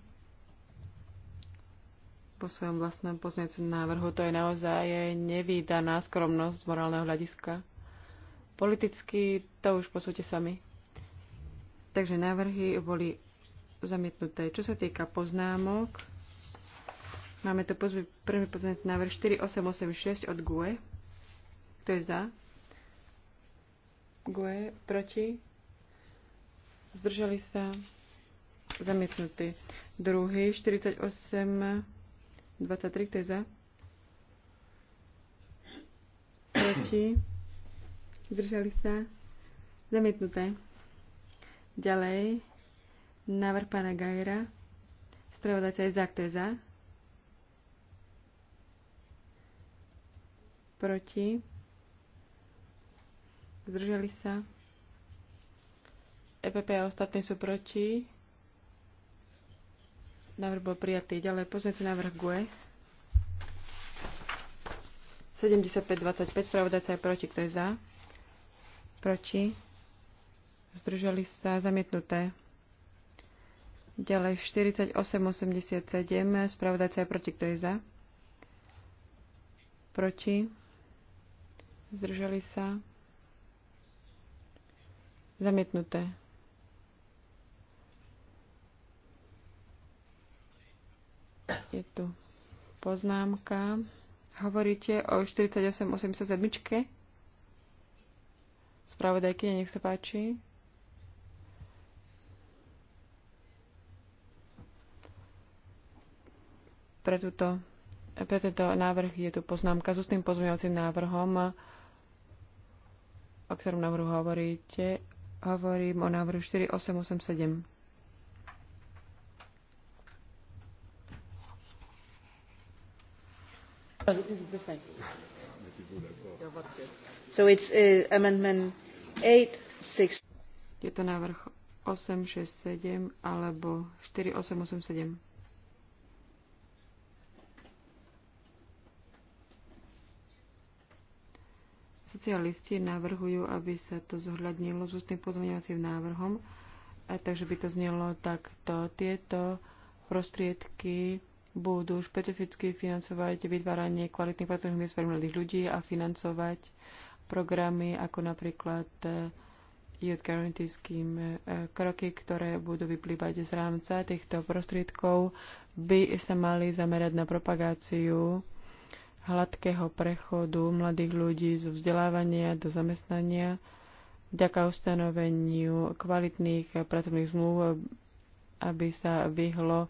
po svojom vlastnom pozmeňujúcom návrhu. To je naozaj nevýdaná skromnosť z morálneho hľadiska. Politicky to už posúte sami. Takže návrhy boli zamietnuté. Čo sa týka poznámok, máme tu pozby, prvý pozmeňujúci návrh 4886 od GUE. Kto je za? GUE proti? Zdržali sa? zamietnutý. Druhý 48, 23, kto je za? Proti? Zdržali sa? Zamietnuté. Ďalej, návrh pána Gajera. Spravodajca je za, kto je za? Proti? Zdržali sa? EPP a ostatní sú proti. Návrh bol prijatý. Ďalej poznací návrh GUE. 75-25, spravodajca je proti. Kto je za? Proti. Zdržali sa zamietnuté. Ďalej 48-87, spravodajca je proti. Kto je za? Proti. Zdržali sa. Zamietnuté. Je tu poznámka. Hovoríte o 4887. Spravodajky, nech sa páči. Pre, tuto, pre tento návrh je tu poznámka s tým pozmeňovacím návrhom, o ktorom návrhu hovoríte. Hovorím o návrhu 4887. 8, 6. Uh, Je to návrh 867 alebo 4887. Socialisti navrhujú, aby sa to zohľadnilo s ústnym pozmeňovacím návrhom, takže by to znelo takto. Tieto prostriedky budú špecificky financovať vytváranie kvalitných pracovných miest pre mladých ľudí a financovať programy ako napríklad eh, Youth Guarantee Scheme. Eh, kroky, ktoré budú vyplývať z rámca týchto prostriedkov, by sa mali zamerať na propagáciu hladkého prechodu mladých ľudí zo vzdelávania do zamestnania vďaka ustanoveniu kvalitných pracovných zmluv, aby sa vyhlo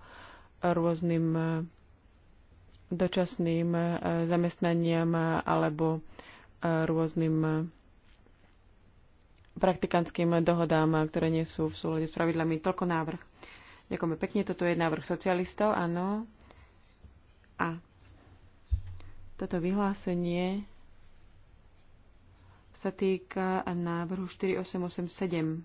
rôznym e, dočasným e, zamestnaniam alebo e, rôznym praktikantským dohodám, ktoré nie sú v súlade s pravidlami. Toľko návrh. Ďakujeme pekne. Toto je návrh socialistov, áno. A toto vyhlásenie sa týka návrhu 4887.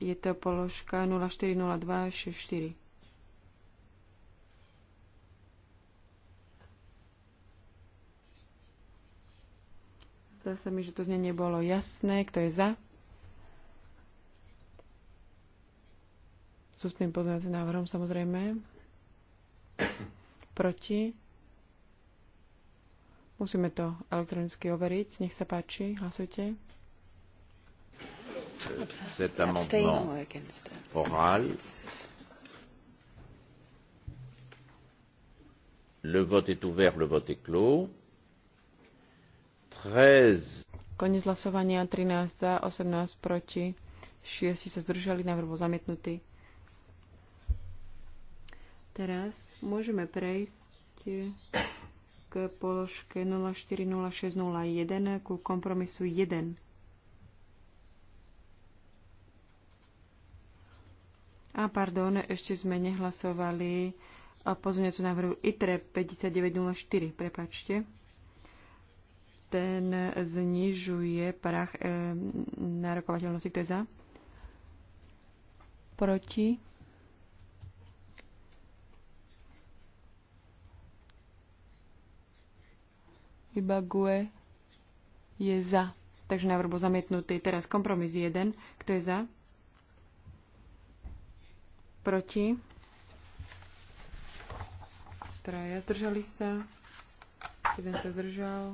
Je to položka 040264. Zdá sa mi, že to nej nebolo jasné. Kto je za? Sú s tým pozvánacím návrhom samozrejme. Proti. Musíme to elektronicky overiť. Nech sa páči, hlasujte cet amendement oral. Le vote est ouvert, le vote est clos. 13. Koniec hlasovania 13 za, 18 proti, 6 sa zdržali, návrh bol zamietnutý. Teraz môžeme prejsť k položke 040601 ku kompromisu 1. A pardon, ešte sme nehlasovali o pozvňacu návrhu ITRE 5904, prepačte. Ten znižuje prach e, eh, nárokovateľnosti. Kto je za? Proti? Iba GUE je za. Takže návrh bol zamietnutý. Teraz kompromis 1. Kto je za? proti, traja zdržali sa, jeden sa zdržal.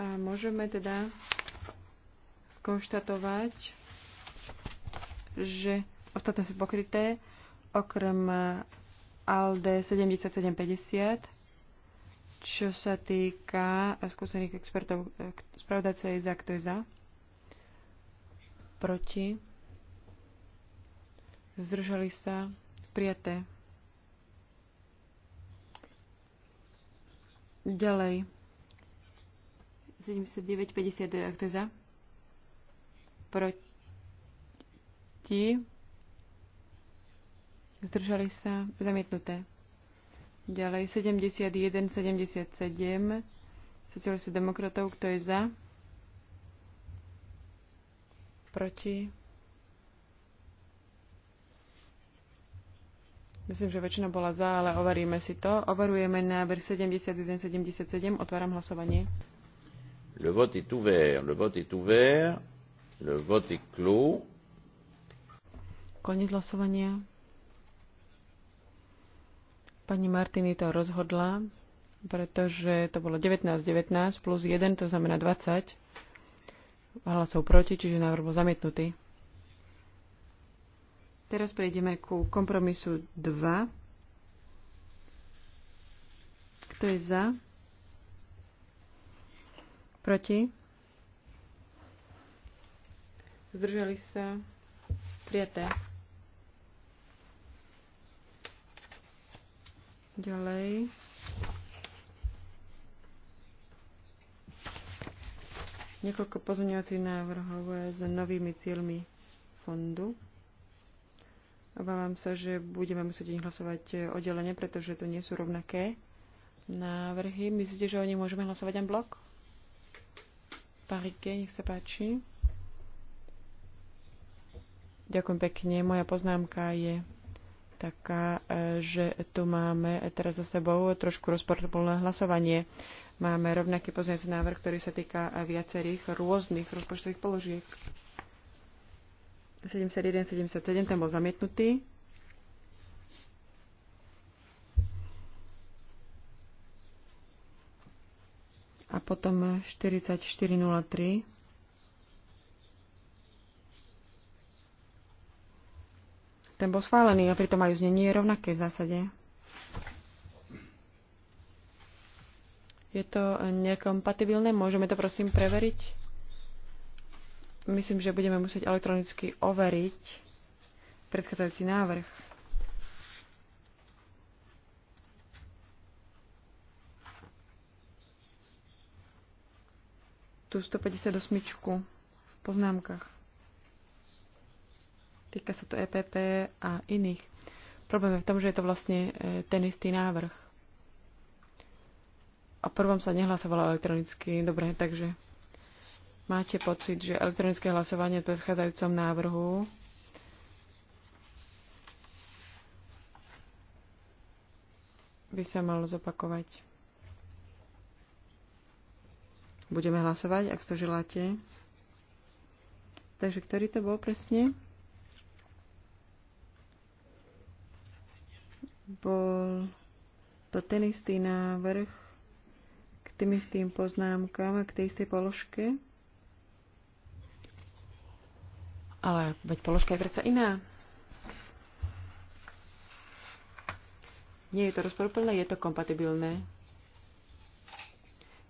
A môžeme teda skonštatovať, že ostatné sú pokryté, okrem ALDE 7750, čo sa týka skúsených expertov. E, spravodajca je za, kto je za? proti, zdržali sa, prijaté. Ďalej. 79,50, ak to je za. Proti. Zdržali sa, zamietnuté. Ďalej 71, 77 demokratov, kto je za, Proti? Myslím, že väčšina bola za, ale overíme si to. Overujeme návrh 71-77. Otváram hlasovanie. Le vote est ouvert. Le vote est ouvert. Le vote est clos. Koniec hlasovania. Pani Martiny to rozhodla, pretože to bolo 19-19 plus 1, to znamená 20 hlasov proti, čiže návrh bol zamietnutý. Teraz prejdeme ku kompromisu 2. Kto je za? Proti? Zdržali sa? Prijaté. Ďalej. Niekoľko pozmeňovacích návrhov s novými cieľmi fondu. Obávam sa, že budeme musieť ich hlasovať oddelenie, pretože to nie sú rovnaké návrhy. Myslíte, že o nich môžeme hlasovať en blok? Parike, nech sa páči. Ďakujem pekne. Moja poznámka je taká, e, že tu máme teraz za sebou trošku rozporné hlasovanie. Máme rovnaký pozniací návrh, ktorý sa týka viacerých rôznych rozpočtových položiek. 71, 77, ten bol zamietnutý. A potom 4403. Ten bol schválený a pritom aj znenie je rovnaké v zásade. Je to nekompatibilné? Môžeme to prosím preveriť? Myslím, že budeme musieť elektronicky overiť predchádzajúci návrh. Tu 158 v poznámkach. Týka sa to EPP a iných. Problém je v tom, že je to vlastne e, ten istý návrh. A prvom sa nehlasovalo elektronicky. Dobre, takže máte pocit, že elektronické hlasovanie v predchádzajúcom návrhu by sa malo zopakovať. Budeme hlasovať, ak to želáte. Takže ktorý to bol presne? Bol to ten istý návrh, tým istým poznámkam k tej istej položke. Ale veď položka je predsa iná. Nie je to rozporúplné, je to kompatibilné.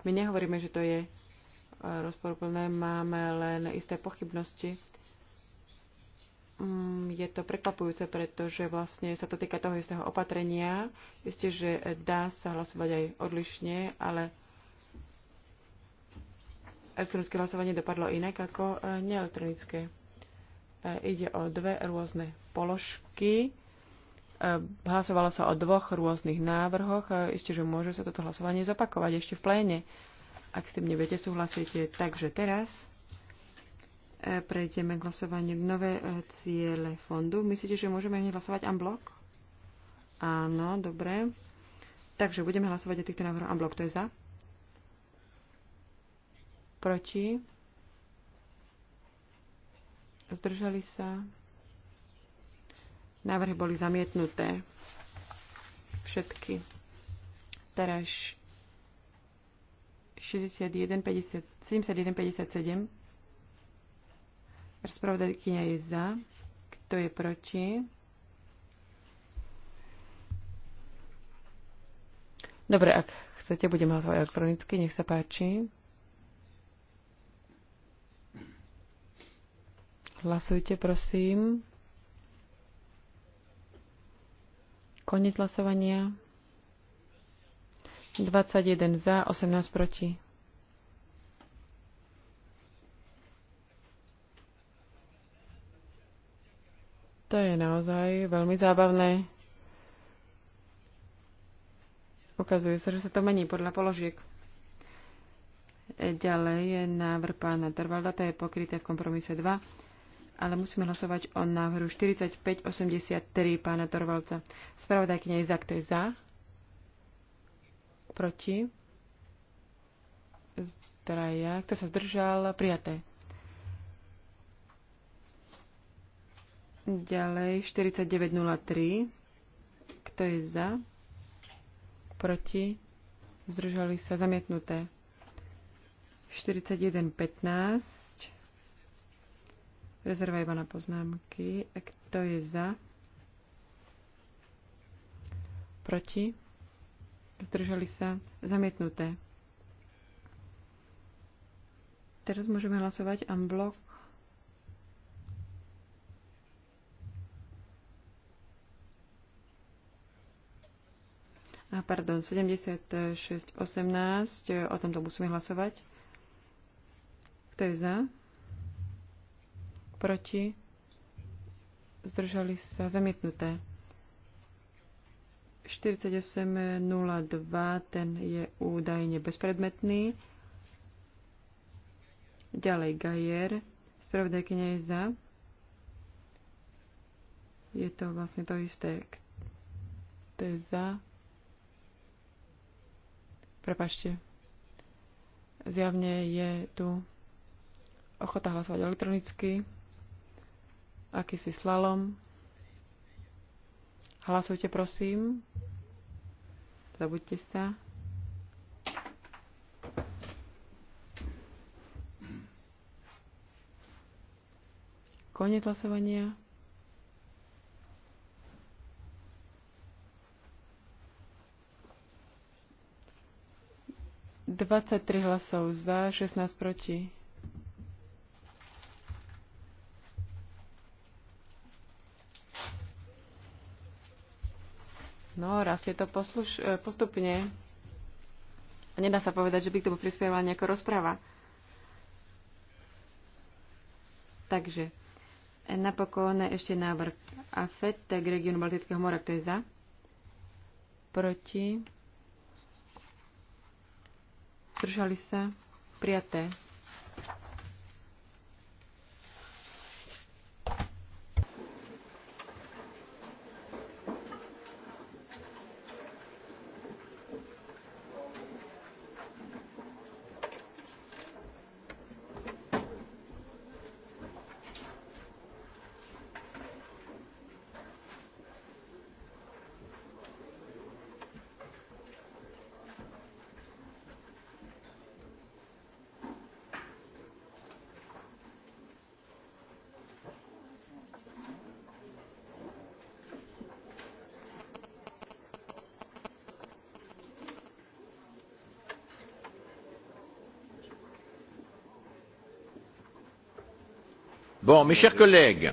My nehovoríme, že to je e, rozporúplné, máme len isté pochybnosti. Mm, je to prekvapujúce, pretože vlastne sa to týka toho istého opatrenia. Isté, že dá sa hlasovať aj odlišne, ale elektronické hlasovanie dopadlo inak ako e, neelektronické. E, ide o dve rôzne položky. E, hlasovalo sa o dvoch rôznych návrhoch. Ešte, že môže sa toto hlasovanie zopakovať ešte v pléne. Ak s tým neviete, súhlasíte. Takže teraz prejdeme k hlasovaniu nové ciele fondu. Myslíte, že môžeme hneď hlasovať unblock? Áno, dobre. Takže budeme hlasovať o týchto návrhoch unblock. To je za? Proti? Zdržali sa? Návrhy boli zamietnuté. Všetky. Teraz 61, 50, 71, 57. Spravodajkynia je za. Kto je proti? Dobre, ak chcete, budem hlasovať elektronicky, nech sa páči. Hlasujte, prosím. Koniec hlasovania. 21 za, 18 proti. To je naozaj veľmi zábavné. Ukazuje sa, že sa to mení podľa položiek. Ďalej je návrh pána Trvalda, to je pokryté v kompromise 2 ale musíme hlasovať o návrhu 4583 pána Torvalca. Spravodajkyňa je za, kto je za? Proti? Zdraja. Kto sa zdržal? Prijaté. Ďalej 4903. Kto je za? Proti? Zdržali sa zamietnuté. 4115 Rezerva iba na poznámky. Kto je za? Proti? Zdržali sa? Zamietnuté. Teraz môžeme hlasovať unblock. A pardon, 76.18, o tomto musíme hlasovať. Kto je za? proti, zdržali sa zamietnuté. 48.02, ten je údajne bezpredmetný. Ďalej Gajer, spravodaj je za. Je to vlastne to isté. To je za. Prepašte. Zjavne je tu ochota hlasovať elektronicky akýsi slalom. Hlasujte, prosím. zabudte sa. Koniec hlasovania. Dvadsaťtri hlasov za, 16 proti. Áno, rastie to posluš- e, postupne. A nedá sa povedať, že by k tomu prispievala nejaká rozpráva. Takže, e, napokon ešte návrh AFET, tak regionu Baltického mora, kto je za? Proti? Držali sa? Prijaté. Bon, mes chers collègues.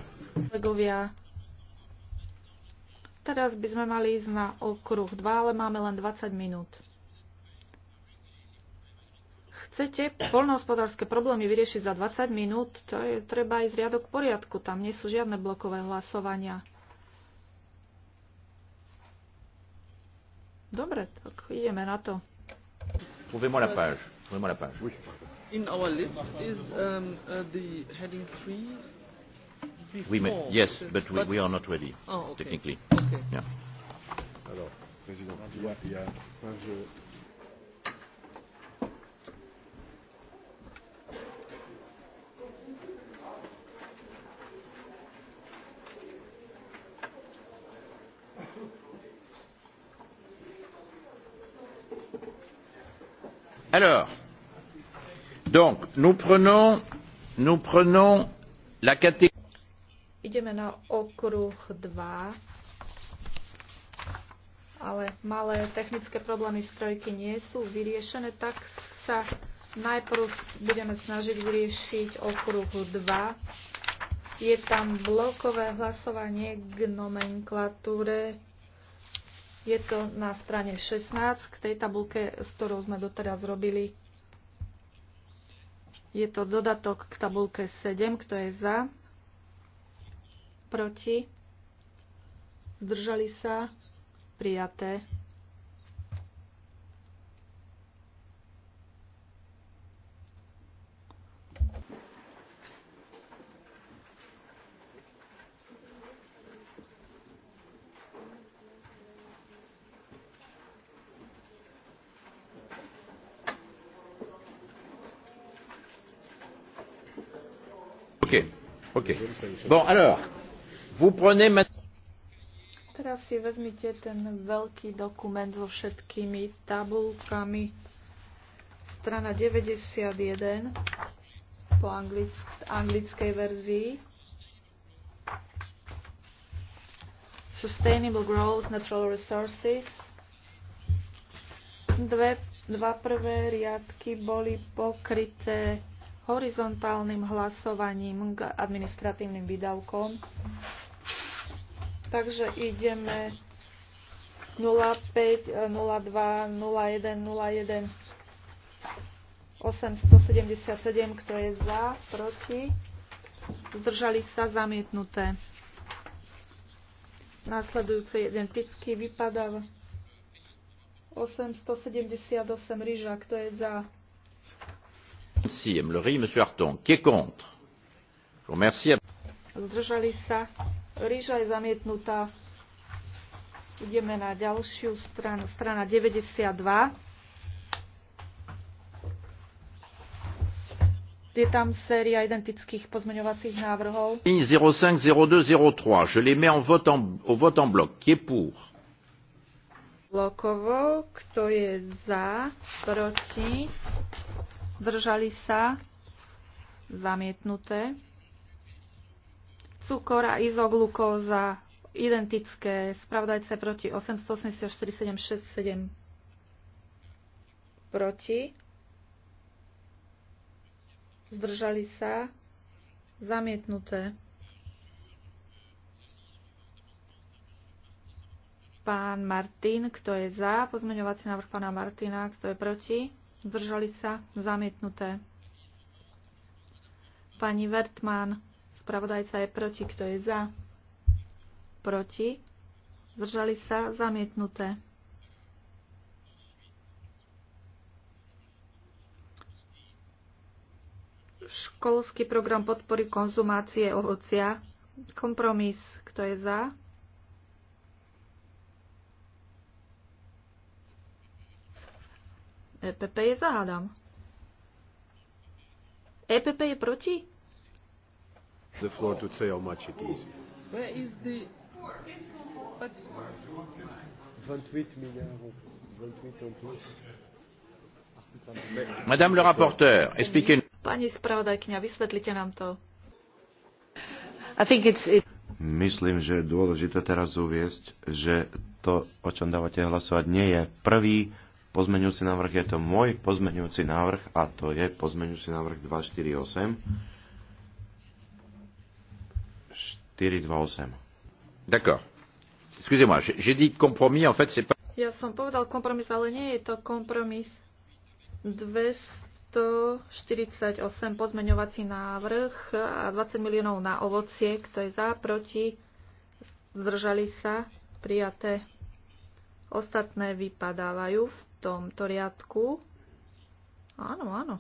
teraz by sme mali ísť na okruh 2, ale máme len 20 minút. Chcete poľnohospodárske problémy vyriešiť za 20 minút? To je treba aj zriadok poriadku. Tam nie sú žiadne blokové hlasovania. Dobre, tak ideme na to. Trouvez-moi la page. Trouvez-moi la page. Oui in our list is um, uh, the heading three before. We may, yes, but we, but we are not ready, oh, okay. technically. Okay. Yeah. Alors, Président, il y a, il y a, moi je, Ideme na okruh 2, ale malé technické problémy strojky nie sú vyriešené, tak sa najprv budeme snažiť vyriešiť okruh 2. Je tam blokové hlasovanie k nomenklatúre je to na strane 16 k tej tabulke, s ktorou sme doteraz robili. Je to dodatok k tabulke 7, kto je za, proti, zdržali sa, prijaté. Bon, alors, vous prenez maintenant... Teraz si vezmite ten veľký dokument so všetkými tabulkami. Strana 91 po anglick- anglickej verzii. Sustainable Growth, Natural Resources. Dve, dva prvé riadky boli pokryté horizontálnym hlasovaním k administratívnym výdavkom. Takže ideme 05, 02, 01, 01, 877, kto je za, proti, zdržali sa zamietnuté. Nasledujúce identicky vypadáva 878 ryža, kto je za, Zdržali sa. Ríža je zamietnutá. Ideme na ďalšiu stranu. Strana 92. Je tam séria identických pozmeňovacích návrhov. 05, 02, 03. Je les mets en vote en, au vote en bloc. Qui est pour? Blokovo. Kto je za? Proti? zdržali sa, zamietnuté. Cukor a izoglukóza identické, spravodajce proti 884767. proti, zdržali sa, zamietnuté. Pán Martin, kto je za? Pozmeňovací návrh pána Martina, kto je proti? zdržali sa, zamietnuté. Pani Vertman, spravodajca je proti, kto je za, proti, zdržali sa, zamietnuté. Školský program podpory konzumácie ovocia. Kompromis, kto je za? EPP je za, hádam. EPP je proti? The floor to say how much it is. Where is the... But... 28 28 Madame le rapporteur, expliquez nous. Pani spravodajkňa, vysvetlite nám to. I think it's, it... Myslím, že je dôležité teraz uviesť, že to, o čom dávate hlasovať, nie je prvý pozmeňujúci návrh, je to môj pozmeňujúci návrh a to je pozmeňujúci návrh 248 428. D'accord. Excusez-moi, j'ai dit compromis, en fait, c'est pas... Ja som povedal kompromis, ale nie je to kompromis. 248 pozmeňovací návrh a 20 miliónov na ovocie, kto je za, proti, zdržali sa, prijaté. Ostatné vypadávajú v tomto riadku. Áno, áno.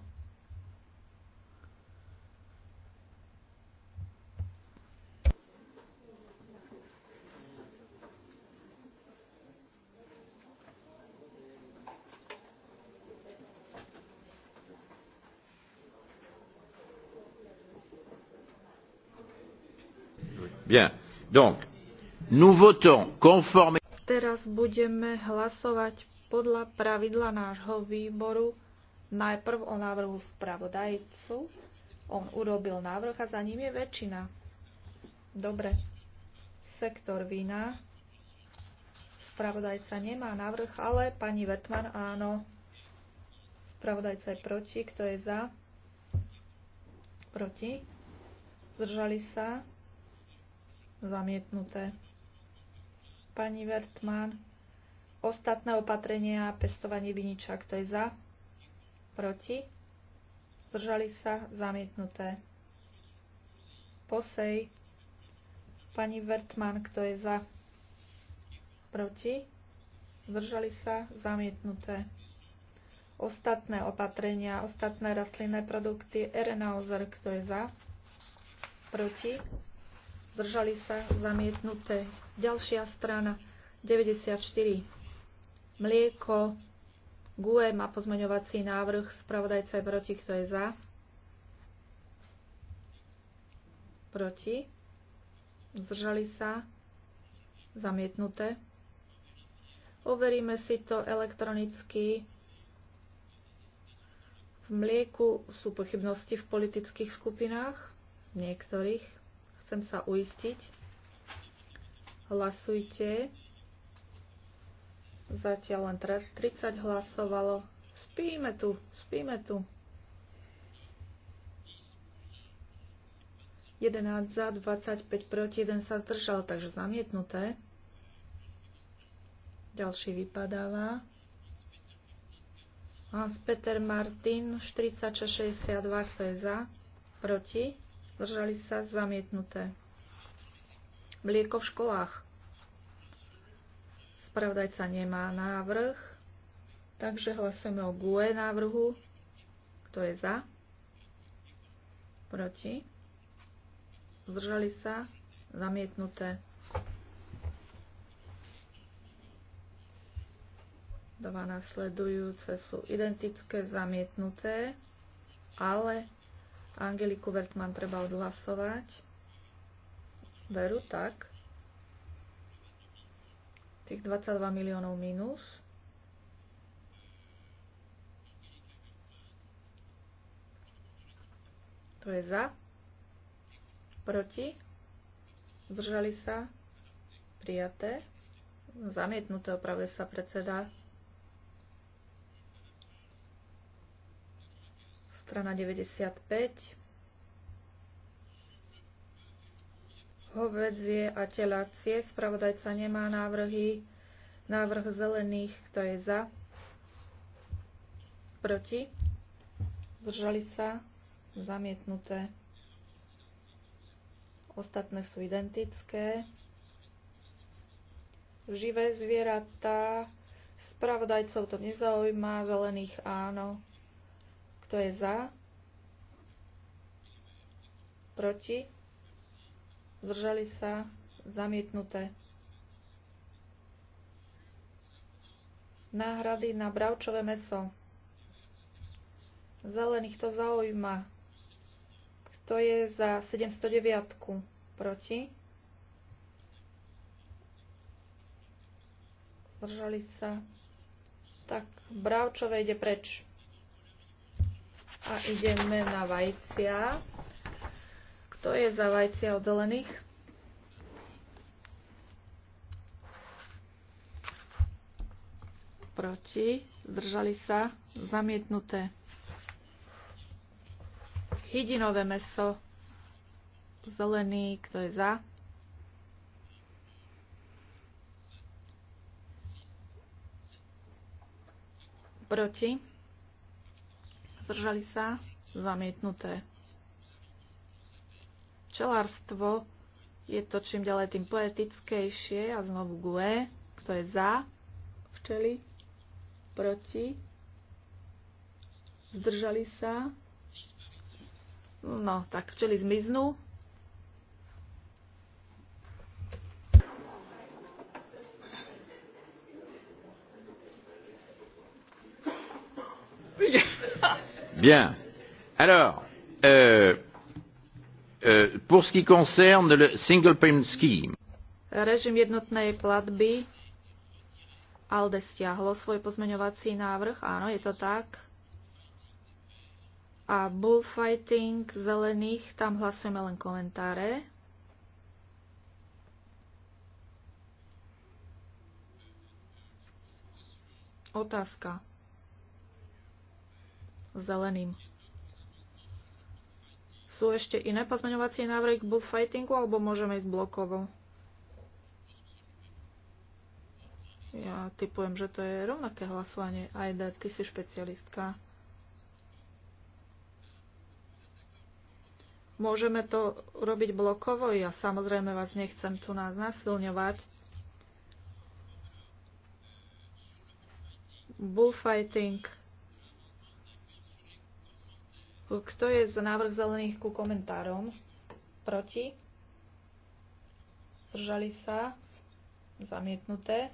Bien. Donc, nous votons conformément. Teraz budeme hlasovať podľa pravidla nášho výboru najprv o návrhu spravodajcu, on urobil návrh a za ním je väčšina. Dobre, sektor vína, spravodajca nemá návrh, ale pani Vetman áno. Spravodajca je proti. Kto je za? Proti. Zdržali sa? Zamietnuté. Pani Vertman Ostatné opatrenia a pestovanie viniča. Kto je za? Proti? Zdržali sa? Zamietnuté. Posej. Pani Vertman, kto je za? Proti? Zdržali sa? Zamietnuté. Ostatné opatrenia, ostatné rastlinné produkty, ozer, kto je za? Proti? Zdržali sa? Zamietnuté. Ďalšia strana. 94 mlieko. GUE má pozmeňovací návrh, spravodajca je proti, kto je za? Proti. Zdržali sa? Zamietnuté. Overíme si to elektronicky. V mlieku sú pochybnosti v politických skupinách, v niektorých. Chcem sa uistiť. Hlasujte. Zatiaľ len 30 hlasovalo. Spíme tu, spíme tu. 11 za, 25 proti, 1 sa zdržal, takže zamietnuté. Ďalší vypadáva. Hans Peter Martin 4662, kto je za, proti, zdržali sa, zamietnuté. Mlieko v školách. Spravodajca nemá návrh, takže hlasujeme o GUE návrhu. Kto je za? Proti? Zdržali sa? Zamietnuté. 2 nasledujúce sú identické, zamietnuté, ale Angeliku Vertman treba odhlasovať. Veru, tak tých 22 miliónov minus. To je za, proti, zdržali sa, prijaté, zamietnuté, opravuje sa predseda. Strana 95. hovedzie a telacie. Spravodajca nemá návrhy. Návrh zelených, kto je za? Proti? Zdržali sa? Zamietnuté. Ostatné sú identické. Živé zvieratá. Spravodajcov to nezaujíma, zelených áno. Kto je za? Proti? zdržali sa, zamietnuté. Náhrady na bravčové meso. Zelených to zaujíma. Kto je za 709? Proti? Zdržali sa. Tak, bravčové ide preč. A ideme na vajcia. To je za vajcia od zelených? Proti. Zdržali sa. Zamietnuté. Hydinové meso. Zelený. Kto je za? Proti. Zdržali sa. Zamietnuté. Čelárstvo je to čím ďalej tým poetickejšie a znovu GUE, kto je za včeli, proti, zdržali sa, no tak včeli zmiznú, Bien. Alors, euh, Eh, pour ce qui concerne le single payment scheme. Režim jednotnej platby. ALDE stiahlo svoj pozmeňovací návrh. Áno, je to tak. A bullfighting zelených, tam hlasujeme len komentáre. Otázka zeleným. Sú ešte iné pozmeňovacie návrhy k bullfightingu, alebo môžeme ísť blokovo? Ja typujem, že to je rovnaké hlasovanie. Ajde, ty si špecialistka. Môžeme to robiť blokovo? Ja samozrejme vás nechcem tu nás nasilňovať. Bullfighting kto je za návrh zelených ku komentárom? Proti? Zdržali sa? Zamietnuté?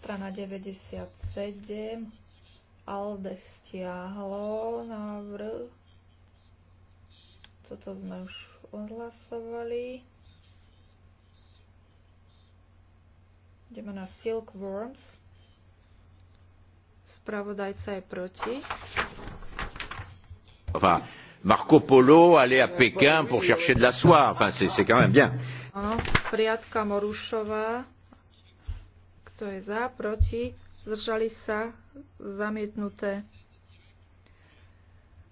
Strana 97. Alde stiahlo návrh. Toto sme už odhlasovali. Ideme na Silkworms. Spravodajca je proti. Enfin, Marco Polo allait à Pékin pour chercher de la soie. Enfin, c'est quand même bien. Áno, priatka Morušová. Kto je za, proti? Zdržali sa zamietnuté.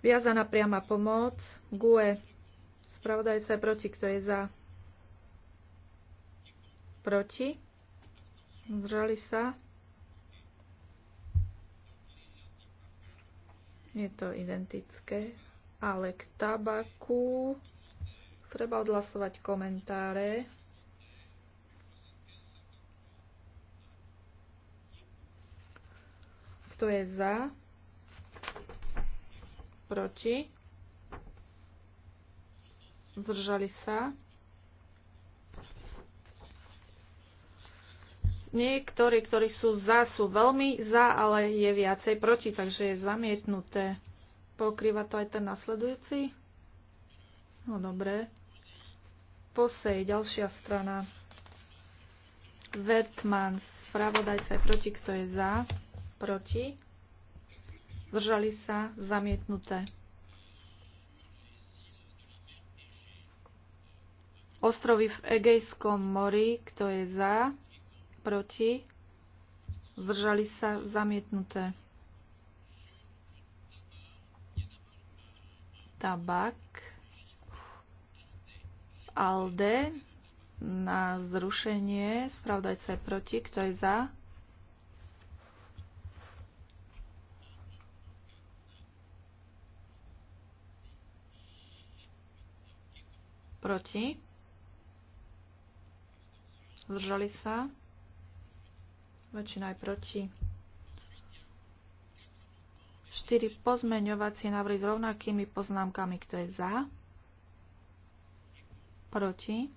Viazaná priama pomoc. GUE. Spravodajca je proti. Kto je za? Proti? Zdržali sa. Je to identické. Ale k tabaku treba odhlasovať komentáre. Kto je za? Proti? Zdržali sa? Niektorí, vlastne ktorí sú za, sú veľmi za, ale je viacej proti, takže je zamietnuté. Pokrýva to aj ten nasledujúci? No dobre. Posej, ďalšia strana. Vertman, sa je proti, kto je za, proti. Zdržali sa, zamietnuté. Ostrovy v Egejskom mori, kto je za, proti, zdržali sa zamietnuté. Tabak, ALDE na zrušenie, spravdajca je proti, kto je za? Proti. Zdržali sa väčšina aj proti. 4 pozmeňovacie návrhy s rovnakými poznámkami, kto je za, proti,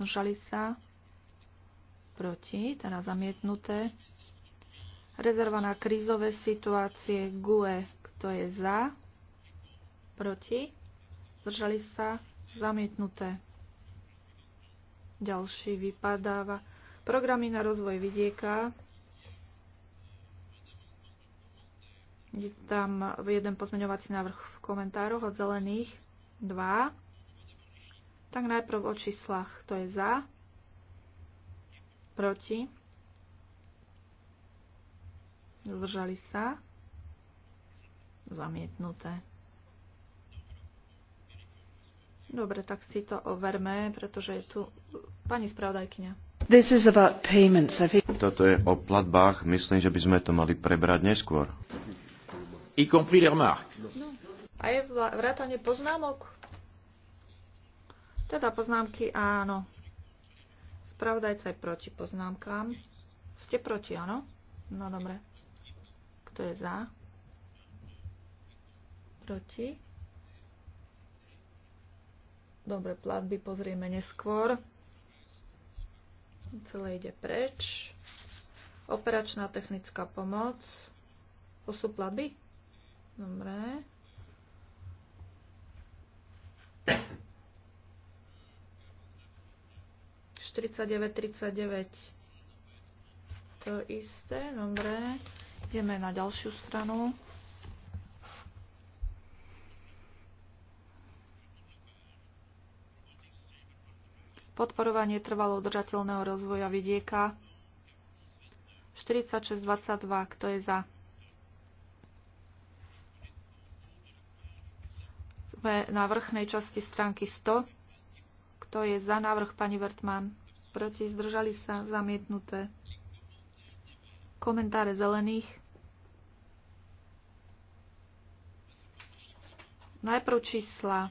žali sa, proti, teda zamietnuté. Rezerva na krízové situácie GUE, kto je za, proti, zdržali sa, zamietnuté. Ďalší vypadáva programy na rozvoj vidieka. Je tam jeden pozmeňovací návrh v komentároch od zelených. 2. Tak najprv o číslach. To je za, proti, zdržali sa, zamietnuté. Dobre, tak si to overme, pretože je tu pani spravodajkynia. Toto je o platbách. Myslím, že by sme to mali prebrať neskôr. I compris les remarques. A je vrátanie poznámok? Teda poznámky, áno. Spravodajca je proti poznámkám. Ste proti, áno? No dobre. Kto je za? Proti? Dobre, platby pozrieme neskôr celé ide preč. Operačná technická pomoc. To sú platby? Dobre. ...49,39. To isté, dobre. Ideme na ďalšiu stranu. podporovanie trvalo udržateľného rozvoja vidieka 4622, kto je za? Sme na vrchnej časti stránky 100. Kto je za návrh pani Vertman? Proti zdržali sa zamietnuté. Komentáre zelených. Najprv čísla.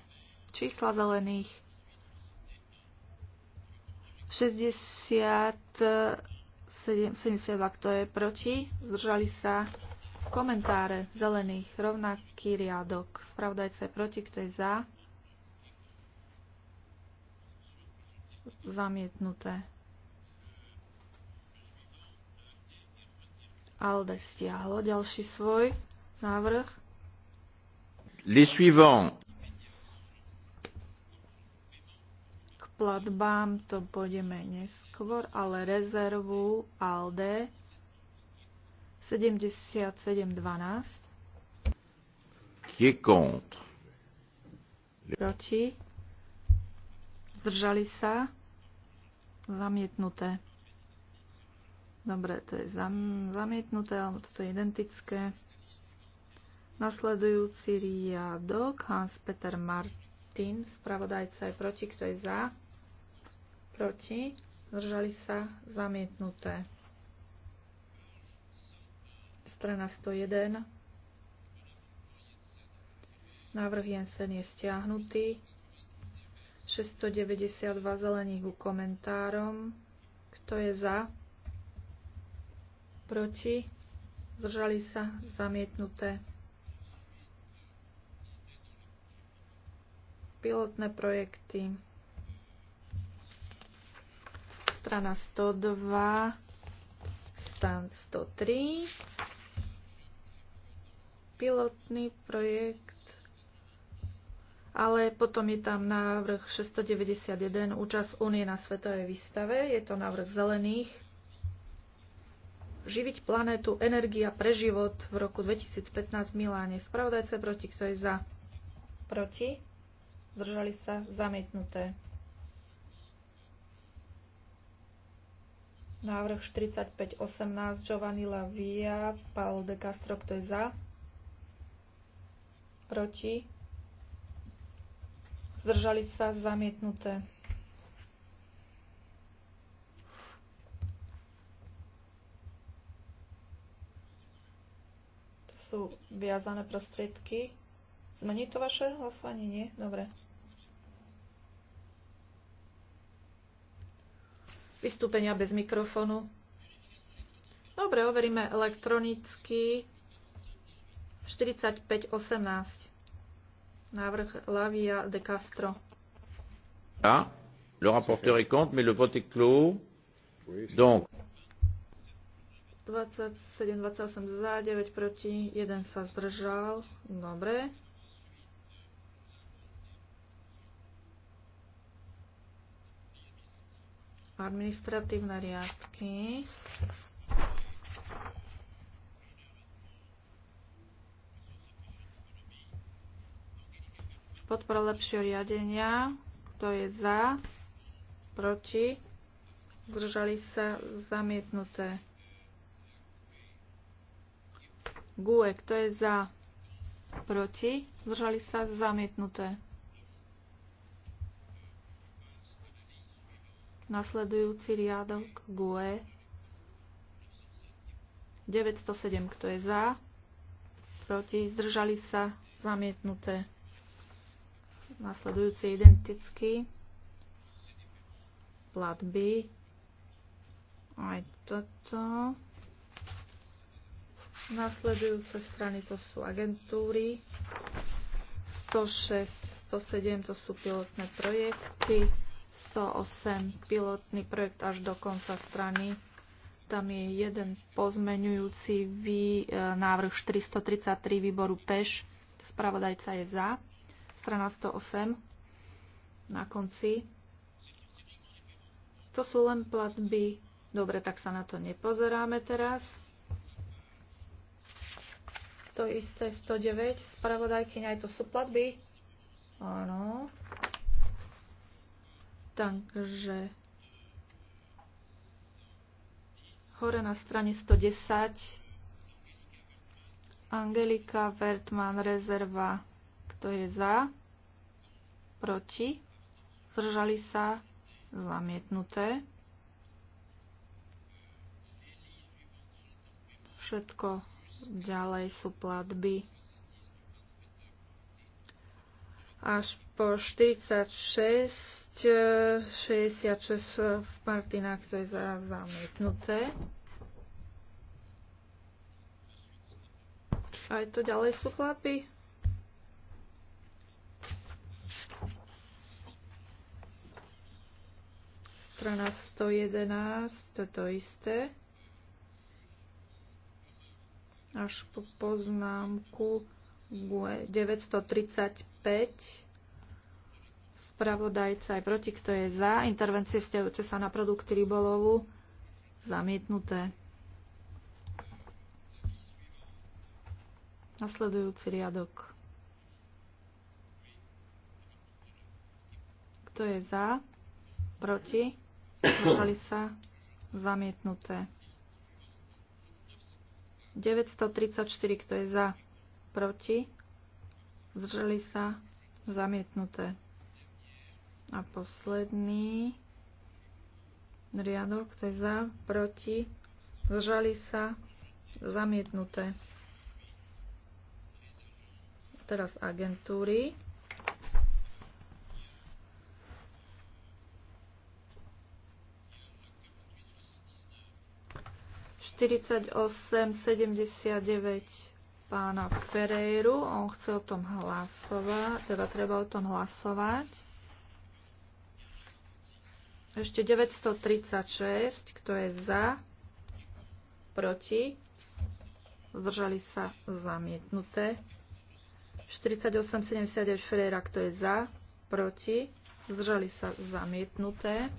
Čísla zelených. 67, 72, kto je proti, zdržali sa komentáre zelených, rovnaký riadok. Spravodajca je proti, kto je za. Zamietnuté. Alde stiahlo ďalší svoj návrh. Les suivants. platbám, to pôjdeme neskôr, ale rezervu ALDE 7712. Qui est contre? Proti? Zdržali sa? Zamietnuté. Dobre, to je zam, zamietnuté, alebo toto je identické. Nasledujúci riadok Hans-Peter Martin, spravodajca je proti, kto je za? proti, zdržali sa zamietnuté. Strana 101. Návrh Jensen je stiahnutý. 692 zelených u komentárom. Kto je za? Proti? Zdržali sa? Zamietnuté. Pilotné projekty strana 102, stan 103. Pilotný projekt, ale potom je tam návrh 691, účasť únie na svetovej výstave, je to návrh zelených. Živiť planétu, energia pre život v roku 2015 v Miláne. Spravodajce proti, kto je za? Proti? Zdržali sa zamietnuté. Návrh 4518 Giovanni Lavia, Paul de Castro, kto je za? Proti? Zdržali sa zamietnuté. To sú viazané prostriedky. Zmení to vaše hlasovanie? Nie? Dobre. vystúpenia bez mikrofónu. Dobre, overíme elektronicky 4518. Návrh Lavia de Castro. A, ah, le rapporteur est contre, mais le vote est clos. Donc. 27, 28 za, 9 proti, 1 sa zdržal. Dobre. administratívne riadky. Podpora lepšieho riadenia. Kto je za? Proti? Zdržali sa zamietnuté. GUE. Kto je za? Proti? Zdržali sa zamietnuté. Nasledujúci riadok GUE 907, kto je za, proti, zdržali sa, zamietnuté. Nasledujúci identický platby. Aj toto. Nasledujúce strany to sú agentúry. 106, 107 to sú pilotné projekty. 108 pilotný projekt až do konca strany. Tam je jeden pozmeňujúci vý, e, návrh 433 výboru PEŠ. Spravodajca je za. Strana 108 na konci. To sú len platby. Dobre, tak sa na to nepozeráme teraz. To isté 109. Spravodajkyňa, aj to sú platby. Áno. Takže hore na strane 110 Angelika Vertman rezerva. Kto je za? Proti? Zdržali sa? Zamietnuté. Všetko ďalej sú platby až po 46 66 eh, v Martina, to je za zamietnuté. Aj to ďalej sú chlapy. Strana 111, to je to isté. Až po poznámku 935 spravodajca aj proti, kto je za. Intervencie vzťahujúce sa na produkty rybolovu zamietnuté. Nasledujúci riadok. Kto je za? Proti? Zdržali sa? Zamietnuté. 934. Kto je za? Proti? Zdržali sa? Zamietnuté. A posledný riadok, to je za, proti, zžali sa, zamietnuté. Teraz agentúry. sedemdesiat sedemdesiatdeväť pána Ferreiru. On chce o tom hlasovať, teda treba o tom hlasovať. Ešte 936, kto je za, proti, zdržali sa zamietnuté. 48,79 Ferreira, kto je za, proti, zdržali sa zamietnuté.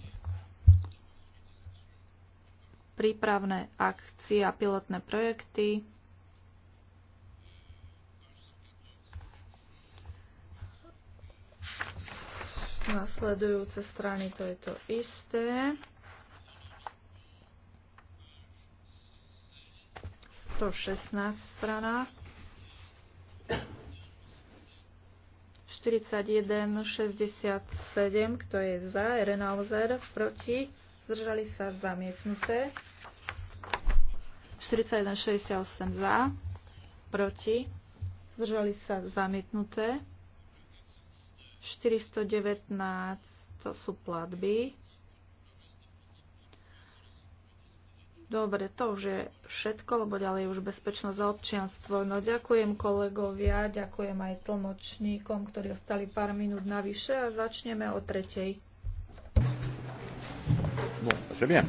Prípravné akcie a pilotné projekty Nasledujúce strany to je to isté. 116 strana. 41, 67, kto je za, Erenauzer, proti, zdržali sa zamietnuté. 41, 68 za, proti, zdržali sa zamietnuté. 419 to sú platby. Dobre, to už je všetko, lebo ďalej už bezpečnosť a občianstvo. No ďakujem kolegovia, ďakujem aj tlmočníkom, ktorí ostali pár minút navyše a začneme o tretej. No, že viem.